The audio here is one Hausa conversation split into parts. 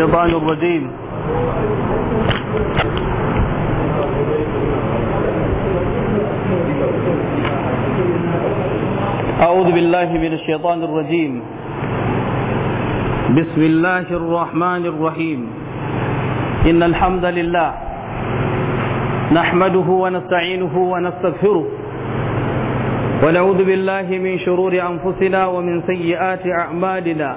الشيطان الرجيم أعوذ بالله من الشيطان الرجيم بسم الله الرحمن الرحيم إن الحمد لله نحمده ونستعينه ونستغفره ونعوذ بالله من شرور أنفسنا ومن سيئات أعمالنا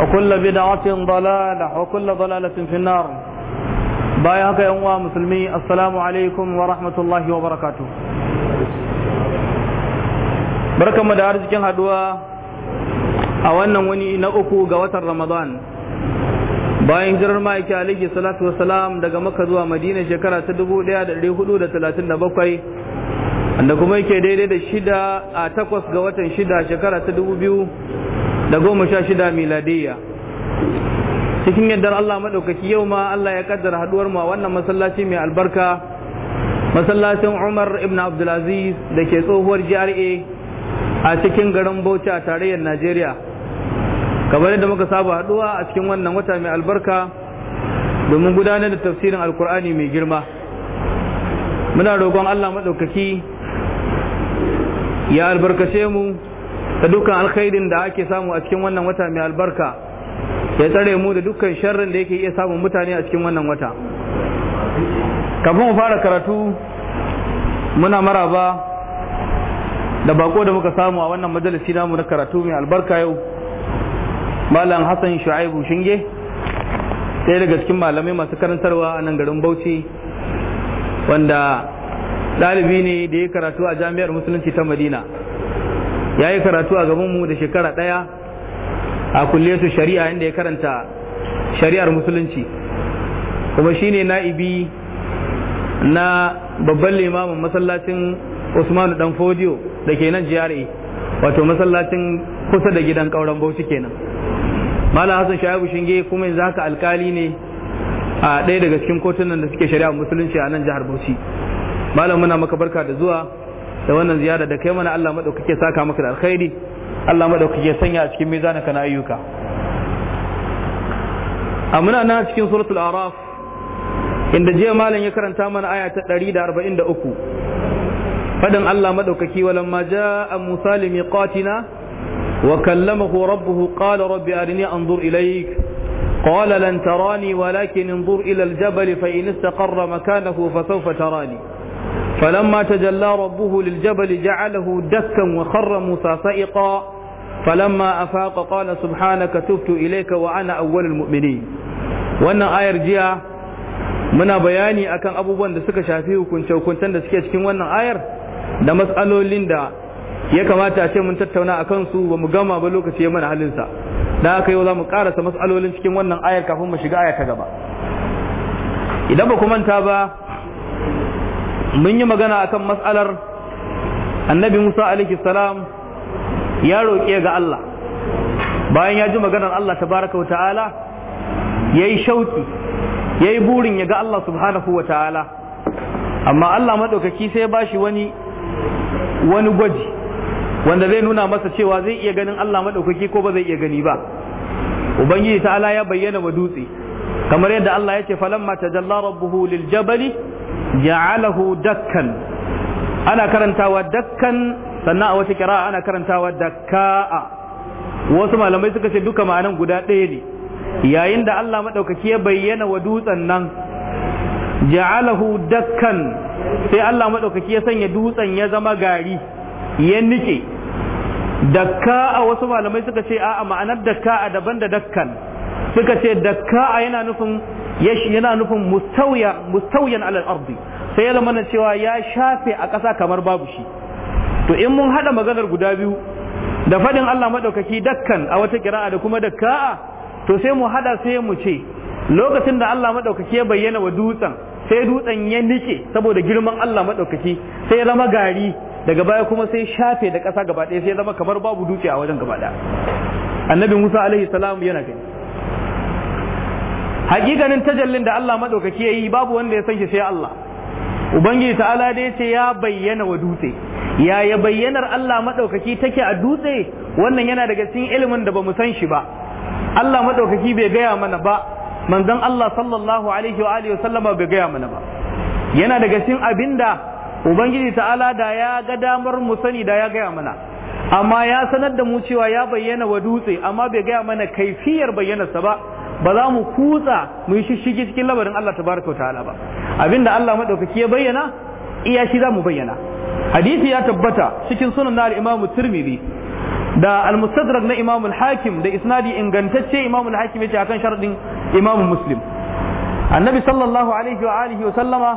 وكل بدعة ضلالة وكل ضلالة في النار بايعك يا أمة مسلمي السلام عليكم ورحمة الله وبركاته بركة مدارس كان هدوى أولا وني نأكو قوة رمضان bayan hijirar ma'aiki alaihi salatu salam daga maka zuwa madina shekara ta dubu daya da dari hudu da talatin da bakwai wanda kuma yake daidai da shida a takwas ga watan shida shekara ta dubu biyu da goma sha shida miladiyya cikin yadda Allah maɗaukaki yau ma Allah ya kaddara haɗuwar mu a wannan masallaci mai albarka masallacin Umar ibn Abdulaziz da ke tsohuwar GRA a cikin garin Bauchi a tarayyar Najeriya kamar yadda muka saba haɗuwa a cikin wannan wata mai albarka domin gudanar da tafsirin alkur'ani mai girma muna roƙon Allah maɗaukaki ya albarkace mu da dukkan alkhairin da ake samu a cikin wannan wata mai albarka ya tsare mu da dukkan sharrin da yake iya samun mutane a cikin wannan wata kafin mu fara karatu muna maraba da bako da muka samu a wannan majalisi namu na karatu mai albarka yau malam hassan shu'aibu shinge sai daga cikin malamai masu karantarwa a nan garin bauchi wanda ɗalibi ne da ya karatu a jami'ar musulunci ta madina ya yi karatu a gabanmu da shekara ɗaya a kulletu shari'a inda ya karanta shari'ar musulunci kuma shi ne na'ibi na babban limamin masallacin usmanu dan fodiyo da ke nan jiyare wato masallacin kusa da gidan kauran bauchi kenan malam hassan shayabu shinge kuma yanzu haka alkali ne a ɗaya daga cikin kotunan da suke shari'a musulunci a nan jihar bauchi malam muna maka barka da zuwa da wannan ziyara da kai mana Allah madaukake saka maka da alkhairi Allah madaukake sanya a cikin mizanaka na ayyuka a muna nan cikin suratul araf inda jiya malam ya karanta mana aya ta 143 fadan Allah madaukaki walamma jaa musa limiqatina wa kallamahu rabbuhu qala rabbi arini anzur ilayk قال لن تراني ولكن انظر إلى الجبل فإن استقر مكانه فسوف تراني فلما تجلى ربه للجبل جعله دكا وخر موسى سائقا فلما أفاق قال سبحانك تبت إليك وأنا أول المؤمنين wannan ayar jiya muna bayani akan abubuwan da suka shafi hukunce-hukuncen da suke cikin wannan ayar da matsalolin da ya kamata a ce mun tattauna a kansu ba mu gama ba lokaci ya mana halinsa da aka yau za mu karasa matsalolin cikin wannan ayar kafin mu shiga aya ta gaba idan ba ku manta ba mun yi magana akan matsalar annabi musa alaihi salam ya roƙe ga allah bayan ya ji maganar allah ta baraka ta'ala ya yi shauki ya yi burin ya ga allah subhanahu wa ta'ala amma allah maɗaukaki sai ya bashi wani wani gwaji wanda zai nuna masa cewa zai iya ganin allah maɗaukaki ko ba zai iya gani ba ubangiji ta'ala ya bayyana wa dutse kamar yadda allah ya ce falamma tajalla rabbuhu lil jabali ja'alahu dakkan ana karantawa dakkan sannan a wata kira ana karantawa dakka'a wasu malamai suka ce duka ma'anan guda ɗaya ne yayin da Allah maɗaukaki ya bayyana wa dutsen nan ja'alahu dakkan sai Allah maɗaukaki ya sanya dutsen ya zama gari ya nike dakka'a wasu malamai suka ce a'a ma'anar dakka'a daban da dakkan suka ce dakka'a yana nufin yashi yana nufin mustawiya mustawiyan alal ardi sai ya zama cewa ya shafe a ƙasa kamar babu shi to in mun haɗa maganar guda biyu da faɗin Allah maɗaukaki dakkan a wata kira'a da kuma dakka'a to sai mu haɗa sai mu ce lokacin da Allah maɗaukaki ya bayyana wa dutsen sai dutsen ya nike saboda girman Allah madaukaki sai ya zama gari daga baya kuma sai shafe da ƙasa gaba ɗaya sai ya zama kamar babu dutse a wajen gaba ɗaya annabi Musa alaihi salam yana gani hakikanin tajallin da Allah madaukaki yayi babu wanda ya san shi sai Allah ubangiji ta'ala da ce ya bayyana wa dutse ya ya bayyanar Allah madaukaki take a dutse wannan yana daga cikin ilimin da bamu san shi ba Allah madaukaki bai gaya mana ba manzon Allah sallallahu alaihi wa alihi sallama bai gaya mana ba yana daga cikin abinda ubangiji ta'ala da ya ga damar mu sani da ya gaya mana amma ya sanar da mu cewa ya bayyana wa dutse amma bai gaya mana kaifiyar bayyanarsa ba ba za mu kutsa mu yi shishigi cikin labarin Allah tabaraka wa ta'ala ba abinda Allah madaukaki ya bayyana iya shi za mu bayyana hadisi ya tabbata cikin sunan na al-Imam Tirmidhi da al-Mustadrak na Imam al-Hakim da isnadi ingantacce Imam al-Hakim ce akan sharadin Imam Muslim annabi sallallahu alaihi wa alihi wa sallama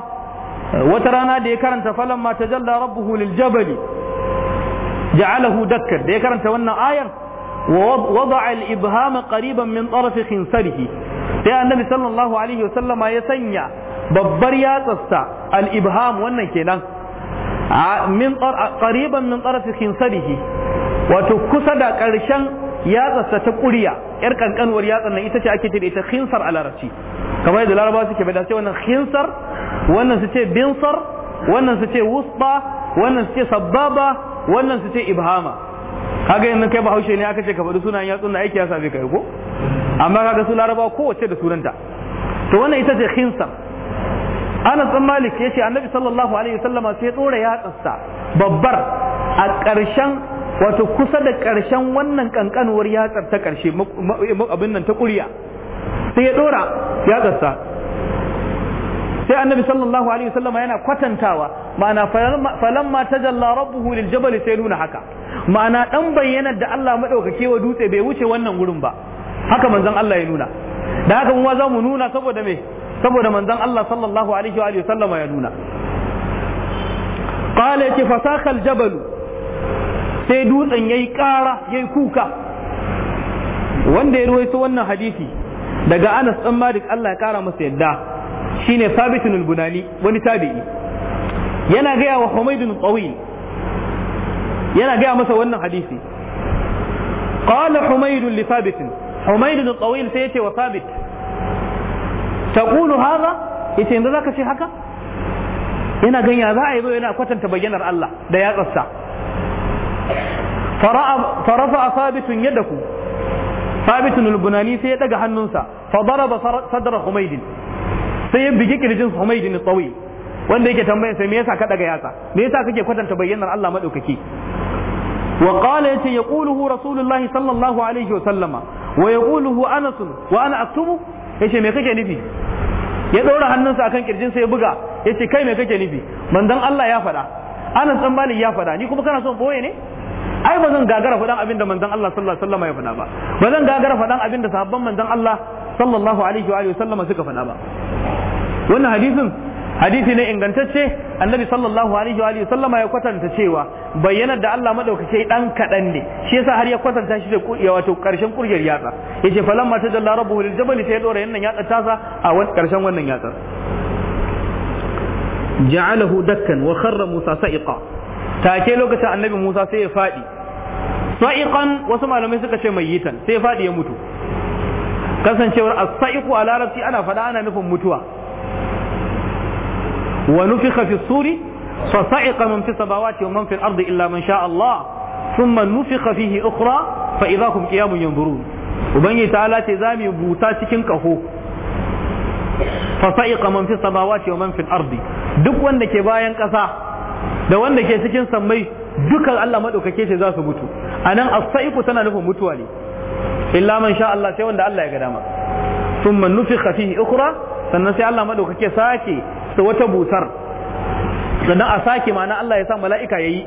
wata rana da ya karanta falamma tajalla rabbuhu lil jabali ja'alahu dakar da ya karanta wannan ayar ووضع الإبهام قريبا من طرف خنصره sai annabi sallallahu alaihi wasallama ya sanya babbar yatsasta al-ibham wannan kenan min qariban min tarafi khinsarihi wato kusa da karshen yatsasta ta kuriya yar kankanuwar yatsan nan ita ce ake ce da ita khinsar a larabci kamar yadda larabawa suke bada sai wannan khinsar wannan su ce binsar wannan su ce wannan su sababa wannan su ibhama kaga yanzu kai bahaushe ne aka ce ka faɗi sunayen yatsun na aiki ya same ka yi ko amma kaga su laraba kowace da sunanta to wannan ita ce khinsar Ana bin Malik yace Annabi sallallahu alaihi wasallam sai ya dora yatsarsa babbar a ƙarshen wato kusa da ƙarshen wannan kankanuwar yatsar ta ƙarshe abin nan ta ƙuriya sai ya dora yatsarsa sai Annabi sallallahu alaihi wasallam yana kwatantawa ma'ana falamma tajalla rabbuhu lil jabal sai nuna haka ma'ana dan bayyanar da Allah madaukake wa dutse bai wuce wannan gurin ba haka manzon Allah ya nuna da haka kuma za mu nuna saboda me saboda manzon Allah sallallahu alaihi wa sallama ya nuna qala ki fasakal jabal sai dutsen yayi kara yayi kuka wanda ya ruwaito wannan hadisi daga Anas dan Malik Allah ya kara masa yadda shine Sabitun bunani wani tabi'i yana gaya wa Humaydun Tawil yana gaya masa wannan hadisi qala humayd li thabit humayd tawil sai yace wa thabit taqulu hadha yace yanzu zaka ce haka yana ganya za a yi zo yana kwatanta bayyanar Allah da yatsarsa فرفع ثابت يده ثابت البناني سي دغ فضرب صدر حميد سي بيجي كرجين حميد الطويل wanda yake tambayar sai me yasa ka daga yatsa me yasa kake kwatanta bayyanar Allah madaukaki wa ya ce yaquluhu rasulullahi sallallahu alaihi wa sallama wa yaquluhu anas wa ana aktubu yace me kake nufi ya ɗora hannunsa akan kirjin sa ya buga yace kai me kake nufi manzon Allah ya faɗa anas ya faɗa ni kuma kana son boye ne ai ba zan gagara faɗan abin da manzon Allah sallallahu alaihi wasallam ya faɗa ba ba zan gagara faɗan abin da sahabban manzon Allah sallallahu alaihi wa sallama suka faɗa ba wannan hadisin hadisi ne ingantacce annabi sallallahu alaihi wa sallama ya kwatanta cewa bayyana da Allah madaukake dan kadan ne shi yasa har ya kwatanta shi da ya wato karshen kurjar yatsa yace falamma tajalla rabbuhu lil jabal sai ya dora yannan yatsa tasa a wannan karshen wannan yatsa ja'alahu dakkan wa kharra musa sa'iqa ke lokacin annabi musa sai ya fadi sa'iqan wasu malamai suka ce mayitan sai ya fadi ya mutu kasancewar as-sa'iqu a larabci ana fada ana nufin mutuwa wa nufikha fi suri fa sa'iqa man fi samawati wa man fi al illa man sha Allah thumma nufikha fihi ukhra fa idha hum qiyamun yanzurun ubangiji ta'ala ce za mu buta cikin kaho fa sa'iqa man wa duk wanda ke bayan kasa da wanda ke cikin sammai dukan Allah madaukake ce za su mutu anan as-sa'iqu tana nufin mutuwa ne illa man sha Allah sai wanda Allah ya ga dama thumma nufikha fihi ukhra sannan sai Allah madaukake sake da wata busar sannan a sake ma'ana Allah ya sa mala'ika yi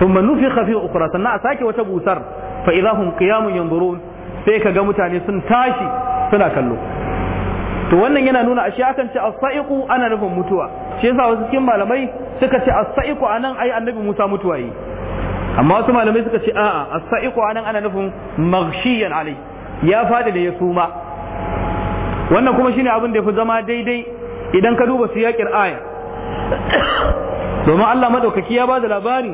thumma nufikha fi ukhra sannan a sake wata busar fa idahum qiyamun yanzurun sai ka ga mutane sun tashi suna kallo to wannan yana nuna ashe akan ce as ana nufin mutuwa shi yasa wasu cikin malamai suka ce as-sa'iqu anan ai annabi Musa mutuwa yi amma wasu malamai suka ce a'a a saiqu anan ana nufin maghshiyan alai ya fadi da ya suma wannan kuma shine abin da yafi zama daidai idan ka duba siyakin aya domin Allah madaukaki ya ba da labari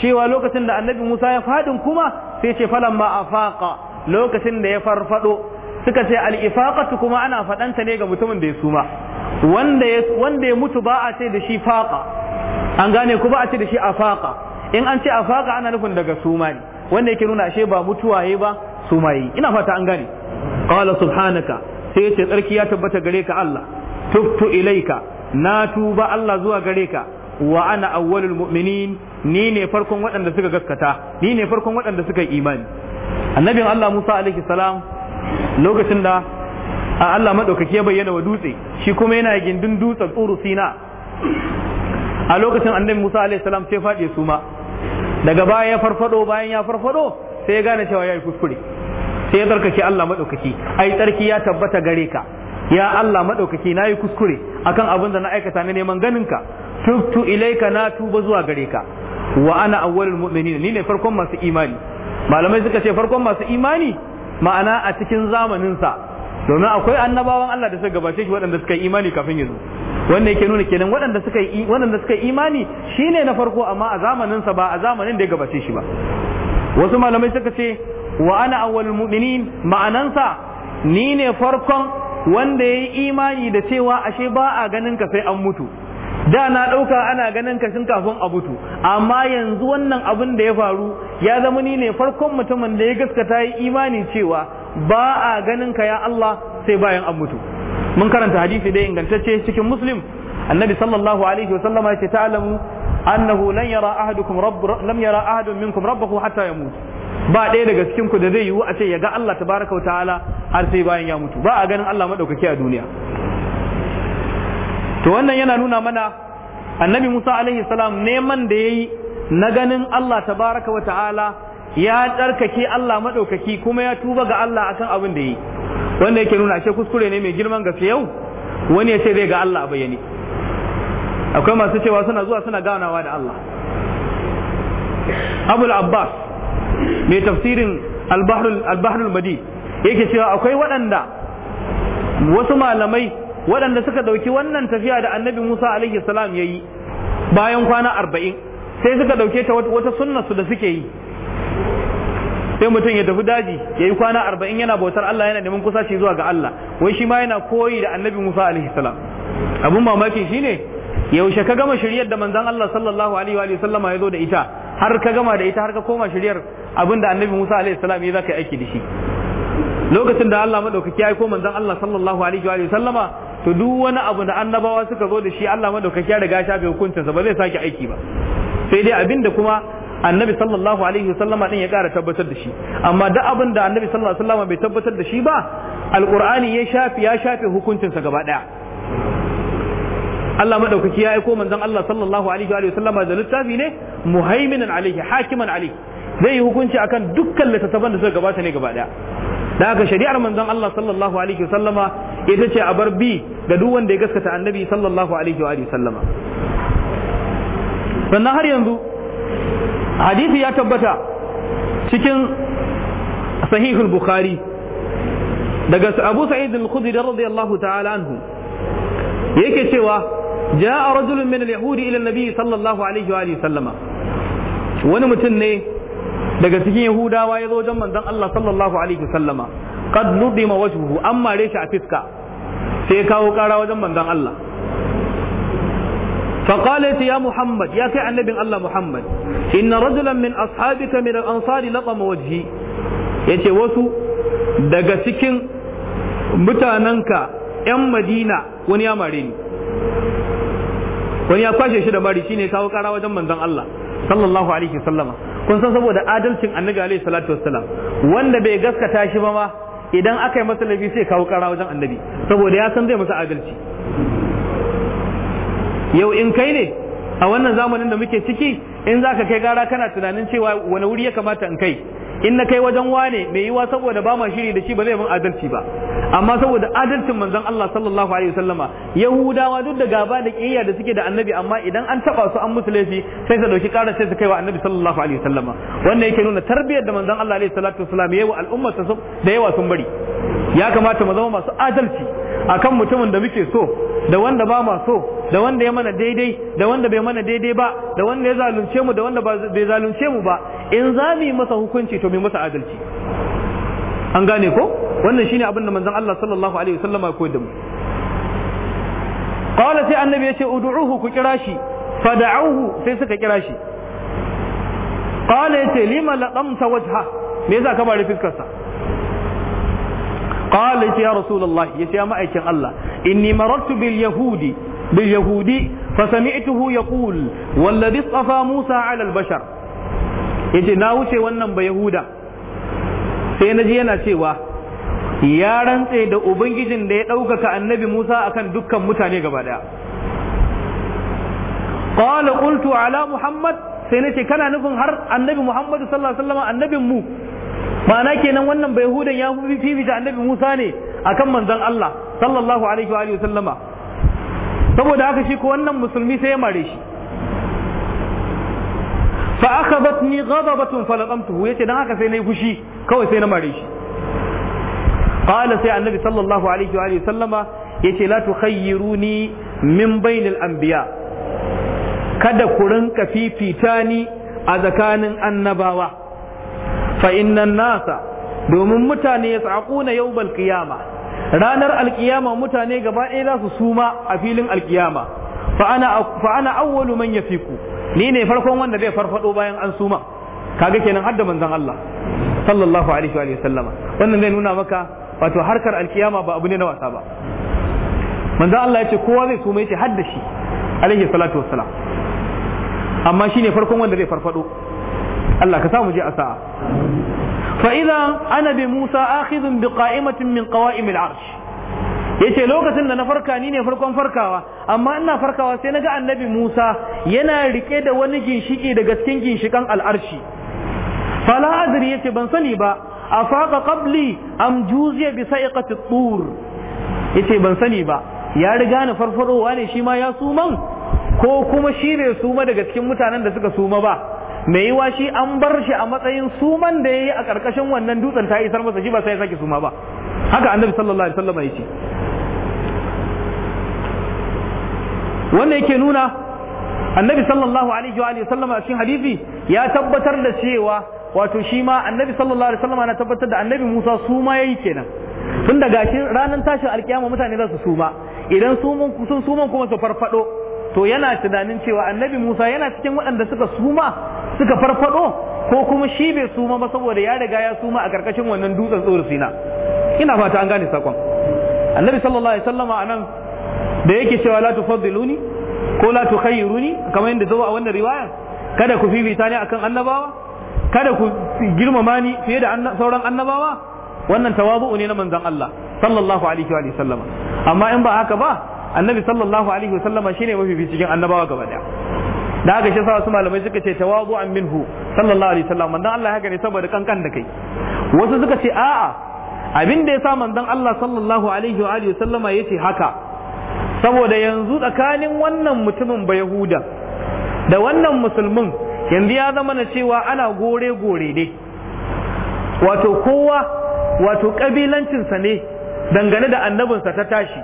cewa lokacin da annabi Musa ya fadin kuma sai ce falan ma afaqa lokacin da ya farfado suka ce al-ifaqatu kuma ana fadanta ne ga mutumin da ya suma wanda ya wanda ya mutu ba a ce da shi faqa an gane ku ba a ce da shi afaqa in an ce afaqa ana nufin daga suma ne wanda yake nuna ashe ba mutuwa yayi ba suma yayi ina fata an gane qala subhanaka sai ya ce tsarki ya tabbata gare ka Allah tubtu ilaika na tuba Allah zuwa gare ka wa ana awwalul mu'minin ni ne farkon waɗanda suka gaskata ni ne farkon waɗanda suka imani annabin Allah Musa alaihi salam lokacin da a Allah madaukaki ya bayyana wa dutse shi kuma yana gindin dutsen tsuru sina a lokacin annabi Musa alaihi salam sai faɗi su ma daga baya ya farfado bayan ya farfado sai ya gane cewa ya yi kuskure sai ya tsarkake Allah madaukaki ai tsarki ya tabbata gare ka ya Allah madaukaki nayi kuskure akan abin da na aikata na neman ganin ka tubtu ilaika na tuba zuwa gare ka wa ana awwalul mu'minin ni ne farkon masu imani malamai suka ce farkon masu imani ma'ana a cikin zamanin sa domin akwai annabawan Allah da suka gabace shi waɗanda suka yi imani kafin yanzu wanda yake nuna kenan waɗanda suka yi waɗanda suka yi imani shine na farko amma a zamanin sa ba a zamanin da ya gabace shi ba wasu malamai suka ce wa ana awwalul mu'minin ma'anansa ni ne farkon wanda ya yi imani da cewa ashe ba a ganin ka sai an mutu da na ɗauka ana ganin ka shin kafin a mutu amma yanzu wannan abin da ya faru ya zama ni ne farkon mutumin da ya gaskata yi imani cewa ba a ganin ka ya Allah sai bayan an mutu mun karanta hadisi da ingantacce cikin muslim annabi sallallahu alaihi sallama ya ce ta'lamu annahu lan yara ahadukum rabb lam yara ahadun minkum rabbahu hatta yamut ba ɗaya daga cikin ku da zai yiwu a ce ya ga Allah tabaraka ta'ala har sai bayan ya mutu ba a ganin Allah madaukaki a duniya to wannan yana nuna mana annabi Musa alaihi salam neman da yayi na ganin Allah tabaraka wa ta'ala ya tsarkake Allah maɗaukaki kuma ya tuba ga Allah akan abin da ya yi wanda yake nuna ashe kuskure ne mai girman gaske yau wani ya ce zai ga Allah a bayyane akwai masu cewa suna zuwa suna ganawa da Allah Abul Abbas mai tafsirin albahrul madi yake cewa akwai waɗanda wasu malamai waɗanda suka ɗauki wannan tafiya da annabi musa alaihi salam ya yi bayan kwana arba'in sai suka ɗauke ta wata sunnarsu da suke yi sai mutum ya tafi daji ya yi kwana arba'in yana bautar Allah yana neman kusaci zuwa ga Allah wai shi ma yana koyi da annabi Musa alaihi salam abun mamaki shine yaushe ka gama shiryar da manzan Allah sallallahu alaihi wa sallama ya zo da ita har ka gama da ita har ka koma shiryar abin da annabi Musa alaihi salam ya zaka aiki da shi lokacin da Allah madaukaki ya yi aiko zan Allah sallallahu alaihi wa sallama to duk wani abu da annabawa suka zo da shi Allah madaukaki ya riga shafe hukuncin sa ba zai sake aiki ba sai dai abin da kuma annabi sallallahu alaihi wa sallama din ya kara tabbatar da shi amma duk abin da annabi sallallahu alaihi wa sallama bai tabbatar da shi ba alqur'ani ya shafe ya shafe hukuncin sa gaba daya Allah madaukaki ya aiko manzon Allah sallallahu alaihi wa sallama da littafi ne muhaiminan alaihi hakiman alaihi zai yi hukunci akan dukkan littattafan da suka gabata ne gaba daya da haka shari'ar manzon Allah sallallahu alaihi wasallama ita ce a bar bi da duk wanda ya gaskata annabi sallallahu alaihi wa sallama sannan har yanzu hadisi ya tabbata cikin sahihul bukhari daga abu sa'id al-khudri radiyallahu ta'ala anhu yake cewa ja'a rajulun min al-yahudi ila an-nabi sallallahu alaihi wa sallama wani mutum ne daga cikin yahudawa ya zo wajen manzon Allah sallallahu alaihi wasallama qad nudima wajhuhu amma reshi a fiska sai ya kawo kara wajen manzon Allah فقالت يا محمد يا كي النبي الله محمد إن رجلا من أصحابك من الأنصار لطم وجهي yace wasu daga cikin mutanenka 'yan madina wani ya mare ni wani ya kwashe shi da mari shine kawo kara wajen manzon Allah sallallahu alaihi sallama kun san saboda adalcin annabi alaihi salatu wassalam wanda bai gaskata shi ba ma idan aka yi masa laifi sai kawo kara wajen annabi saboda ya san zai masa adalci yau in kai ne a wannan zamanin da muke ciki in zaka kai gara kana tunanin cewa wani wuri ya kamata in kai in na kai wajen wane mai yiwa saboda ba ma shiri da shi ba zai min adalci ba amma saboda adalcin manzon Allah sallallahu alaihi wasallama yahudawa duk da gaba da kiyayya da suke da annabi amma idan an taba su an musu laifi sai su dauki karar sai su kai wa annabi sallallahu alaihi wasallama wannan yake nuna tarbiyyar da manzon Allah alaihi salatu wasallam yayi wa al'umma da yawa sun bari ya kamata mu zama masu adalci akan mutumin da muke so da wanda ba ma so da wanda ya mana daidai da wanda bai mana daidai ba da wanda ya zalunce mu da wanda bai zalunce mu ba in za mu yi masa hukunci to mu masa adalci an gane ko wannan shine abin da manzon Allah sallallahu alaihi wasallama ya koyar da mu qala sai annabi ya ce ud'uhu ku kira shi fad'uhu sai suka kira shi qala ya ce lima laqamta wajha me yasa ka bari fiskar sa qala ya rasulullah yace ya ma'aikin Allah inni marartu bil yahudi bil yahudi fa sami'tuhu yaqul walladhi istafa Musa 'ala al bashar yace na wuce wannan ba yahuda sai naji yana cewa ya rantse da ubangijin da ya ɗaukaka annabi Musa akan dukkan mutane gaba daya qala qultu ala muhammad sai nace kana nufin har annabi muhammad sallallahu alaihi wasallam annabin mu ma'ana kenan wannan bai hudan ya fi fifita annabi Musa ne akan manzon Allah sallallahu alaihi wa sallama saboda haka shi ko wannan musulmi sai ya mare shi fa akhadatni ghadabatun falaqamtuhu yace dan haka sai nayi fushi kawai sai na mare shi qala sai annabi sallallahu alaihi wa sallama yace la tukhayyiruni min bainil anbiya kada ku rinka fifita ni a tsakanin annabawa fa nasa domin mutane ya tsakuna yau balkiyama ranar alkiyama mutane gaba ɗaya za su suma a filin alkiyama fa ana awwalu man yafiku ni ne farkon wanda zai farfado bayan an suma kaga kenan hadda manzan Allah sallallahu alaihi wa sallama wannan zai nuna maka wato harkar alkiyama ba abu ne na wasa ba manzan Allah ya ce kowa zai suma yace hadda shi alaihi salatu wassalam amma shine farkon wanda zai farfado Allah ka samu je a sa'a fa idza ana bi Musa akhidun bi qa'imatin min qawa'im al yace lokacin da na farka ni ne farkon farkawa amma ina farkawa sai naga annabi Musa yana rike da wani ginshiki daga cikin ginshikan al'arshi fala adri yace ban sani ba afaqa qabli am juziya bi sa'iqati tur yace ban sani ba ya riga ni farfarowa ne shi ma ya suman ko kuma shi ne suma daga cikin mutanen da suka suma ba mai yiwa shi an bar shi a matsayin suman da yayi a karkashin wannan dutsen ta isar masa shi ba sai ya sake suma ba haka annabi sallallahu alaihi wasallam yace wannan yake nuna annabi sallallahu alaihi wa alihi wasallam a cikin hadisi ya tabbatar da cewa wato shi ma annabi sallallahu alaihi wasallam na tabbatar da annabi Musa suma yayi kenan tun da gashi ranar tashin alkiyama mutane za su suma idan sun suman kuma su farfado to yana tunanin cewa annabi Musa yana cikin waɗanda suka suma suka farfado ko kuma shi bai suma ba saboda ya riga ya suma a karkashin wannan dutsen tsoro sina ina fata an gane sakon annabi sallallahu alaihi wasallama anan da yake cewa la tufaddiluni ko la tukhayyiruni kamar yadda zuwa a wannan riwaya kada ku fifita ni akan annabawa kada ku girmama ni fiye da sauran annabawa wannan tawabu'u ne na manzon Allah sallallahu alaihi wa sallama amma in ba haka ba annabi sallallahu alaihi wa sallama shine mafi cikin annabawa gaba daya da haka shi sa wasu malamai suka ce tawadu an minhu sallallahu alaihi wasallam manzon Allah haka ne saboda kankan da kai wasu suka ce a'a abin da yasa manzon Allah sallallahu alaihi wa alihi sallama yace haka saboda yanzu tsakanin wannan mutumin ba Yahuda da wannan musulmin yanzu ya zama na cewa ana gore gore ne wato kowa wato kabilancinsa ne dangane da annabinsa ta tashi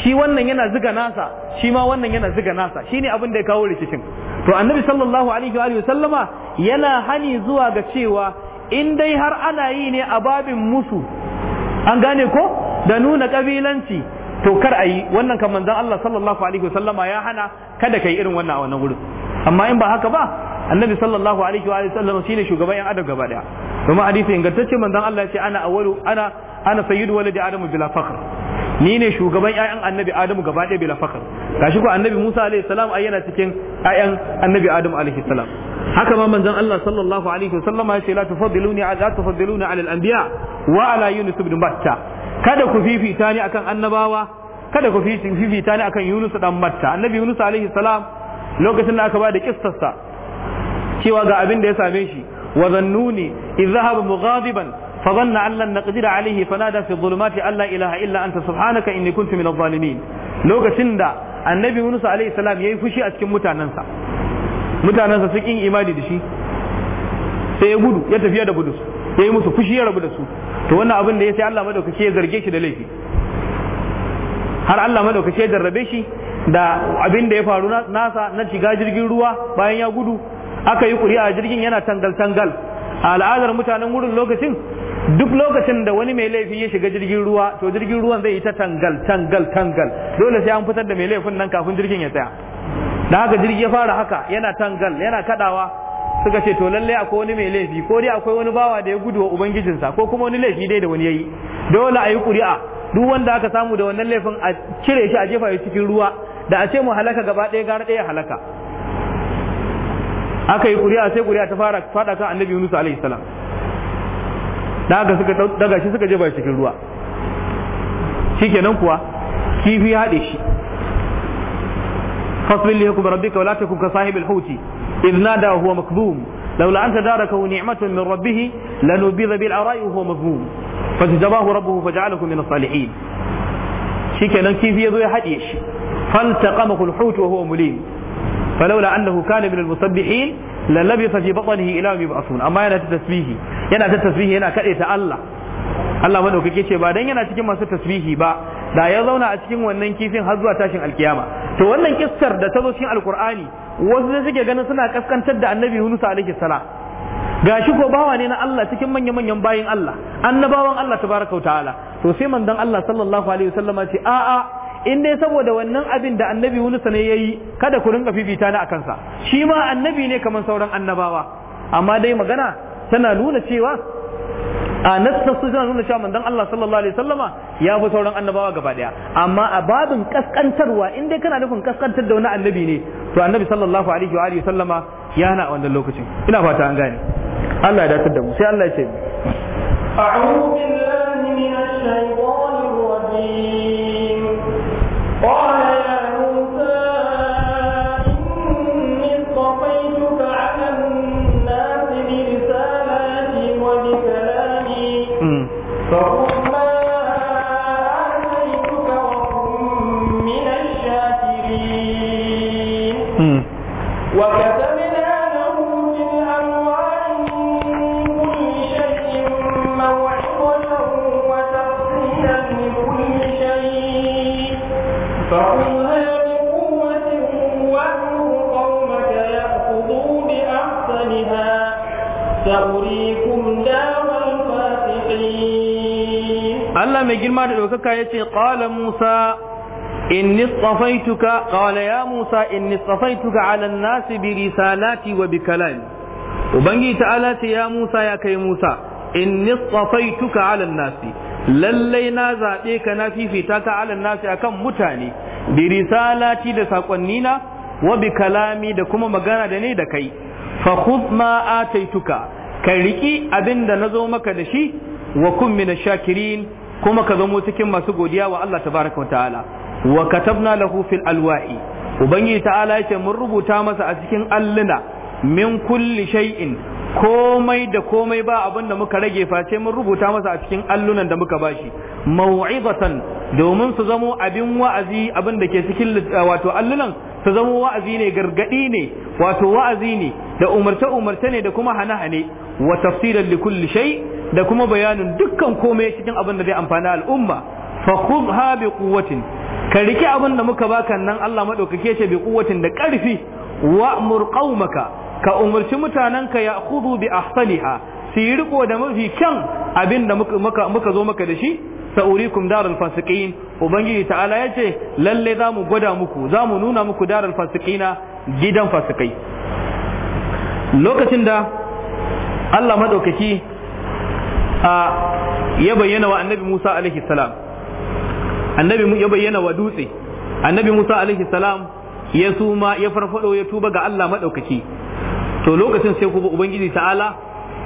shi wannan yana ziga nasa shi ma wannan yana ziga nasa Shi ne abin da ya kawo rikicin to annabi sallallahu alaihi wa sallama yana hani zuwa ga cewa in dai har ana yi ne a babin musu an gane ko da nuna kabilanci to kar a yi wannan kan manzon Allah sallallahu alaihi wa sallama ya hana kada kai irin wannan a wannan wurin amma in ba haka ba annabi sallallahu alaihi wa sallama shine shugaban yan adam gaba daya kuma hadisi ingantacce manzon Allah ya ce ana awwalu ana ana sayyidu waladi adamu bila fakhr ni ne shugaban ƴaƴan annabi adamu gaba ɗaya bila fakar gashi ko annabi musa alaihi salam ai yana cikin ƴaƴan annabi adamu alaihi salam haka ma manzon Allah sallallahu alaihi wasallama ya ce la tufaddiluni ala tufaddiluna ala al-anbiya wa ala yunus ibn batta kada ku fifita ni akan annabawa kada ku fifita ni akan yunus dan batta annabi yunus alaihi salam lokacin da aka ba da kissarsa cewa ga abin da ya same shi wa zannuni idh dhahaba mughadiban فظن أن لن نقدر عليه فنادى في الظلمات أن لا إله إلا أنت سبحانك إني كنت من الظالمين lokacin da annabi Musa alaihi salam yayi fushi a cikin mutanansa mutanansa sun kin imani da shi ya gudu ya tafiya da budus ya yi musu fushi ya rabu da su to wannan abin da ya sai Allah madaukake ya zarge shi da laifi har Allah madaukake ya jarrabe shi da abin da ya faru nasa na shiga jirgin ruwa bayan ya gudu aka yi ƙuri'a jirgin yana tangal tangal a al'adar mutanen wurin lokacin duk lokacin da wani mai laifi ya shiga jirgin ruwa to jirgin ruwan zai yi ta tangal tangal tangal dole sai an fitar da mai laifin nan kafin jirgin ya tsaya da haka jirgi ya fara haka yana tangal yana kadawa suka ce to lalle akwai wani mai laifi ko dai akwai wani bawa da ya gudu wa ubangijinsa ko kuma wani laifi dai da wani yayi dole a yi ƙuri'a duk wanda aka samu da wannan laifin a cire shi a jefa shi cikin ruwa da a ce mu halaka gaba ɗaya gara ɗaya halaka aka yi ƙuri'a sai ƙuri'a ta fara faɗa kan annabi Yunus alaihi salam daga suka daga shi suka jefa cikin ruwa shikenan kuwa kifi ya haɗe shi فاصبر لحكم ربك ولا تكن كصاحب الحوت إذ نادى وهو مكذوم لولا أن تداركه نعمة من ربه لنبذ بالعراء وهو مذموم فاجتباه ربه فجعله من الصالحين شكلا كيف يذوي حديش فالتقمه الحوت وهو مليم فلولا أنه كان من المسبحين lalabi sa fi batnihi ila yub'asun amma yana ta tasbihi yana ta tasbihi yana kade ta Allah Allah madaukake ce ba dan yana cikin masu tasbihi ba da ya zauna a cikin wannan kifin har zuwa tashin alkiyama to wannan kissar da ta zo cikin alkur'ani wasu da suke ganin suna kaskantar da annabi Yunus alaihi salam gashi ko bawa ne na Allah cikin manya manyan bayin Allah annabawan Allah tabaraka wa ta'ala to sai manzon Allah sallallahu alaihi wasallama ce a'a in dai saboda wannan abin da annabi wani Yunus ya yi kada ku rinka fifita ni akan sa shi ma annabi ne kamar sauran annabawa amma dai magana tana nuna cewa a nassu tana nuna cewa manzon Allah sallallahu alaihi wasallama ya fi sauran annabawa gaba daya amma a babin kaskantarwa in dai kana nufin kaskantar da wani annabi ne to annabi sallallahu alaihi wa alihi wasallama ya hana a wannan lokacin ina fata an gane Allah ya dace da mu sai Allah ya ce a'udhu billahi minash shaitanir rajim Olha mai girma da ɗaukaka ya ce ƙala musa ƙala ya musa inni tsafaituka ala nasi bi risalati wa bi kalami ubangiji ta'ala ce ya musa ya kai musa inni tsafaituka ala nasi lallai na zaɓe ka na fifita ka alan nasi akan mutane bi risalati da saƙonnina wa bi kalami da kuma magana da ne da kai fa khudh ma ataituka ka riki abin da zo maka da shi wa kun min shakirin kuma ka zamo cikin masu godiya wa Allah tabaraka ta'ala wa katabna lahu fil alwahi ubangiji ta'ala yace mun rubuta masa a cikin alluna min kulli shay'in komai da komai ba abin da muka rage face mun rubuta masa a cikin allunan da muka bashi mau'izatan domin su zamo abin wa'azi abin da ke cikin wato allunan su zamo wa'azi ne gargadi ne wato wa'azi ne da umarce umarce ne da kuma hane hane wa tafsiran li kulli shay da kuma bayanin dukkan komai cikin abin da zai amfani al'umma fa khudha bi quwwatin ka rike abin da muka baka nan Allah madaukake ce bi quwwatin da karfi wa qaumaka ka umarci mutananka ya khudu bi ahsaniha su yi riko da mafi kyan abin da muka zo maka da shi sa'urikum darul fasiqin ubangiji ta'ala ce lalle za mu gwada muku za mu nuna muku darul fasiqina gidan fasikai lokacin da Allah madaukaki ya bayyana wa annabi Musa alaihi salam annabi ya bayyana wa dutse annabi Musa alaihi salam ya suma ya farfado ya tuba ga Allah madaukaki to lokacin sai kuma ubangiji ta'ala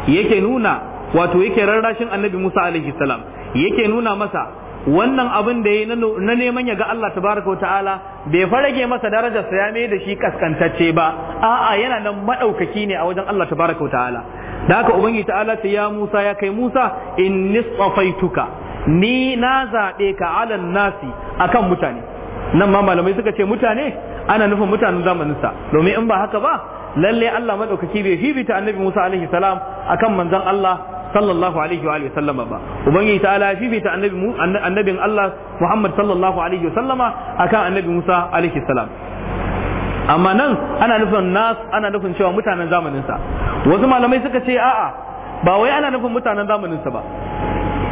yake nuna wato yake rarrashin annabi Musa alaihi salam yake nuna masa wannan abin da yayi na neman ya ga Allah tabaraka wa ta'ala bai farage masa darajar sa ya mai da shi kaskantacce ba a'a yana nan madaukaki ne a wajen Allah tabaraka wa ta'ala da haka ubangiji ta'ala ta ya Musa ya kai Musa in nisfafaituka ni na zabe ka alan nasi akan mutane nan ma malamai suka ce mutane ana nufin mutanen zamanin sa domin in ba haka ba lalle Allah madaukaki bai fifita annabi Musa alaihi salam akan manzon Allah sallallahu alaihi wa sallama ba ubangiji ta ala fifita annabi mu annabin Allah Muhammad sallallahu alaihi wa sallama akan annabi Musa alaihi salam amma nan ana nufin nas ana nufin cewa mutanen zamanin sa wasu malamai suka ce a'a ba wai ana nufin mutanen zamanin sa ba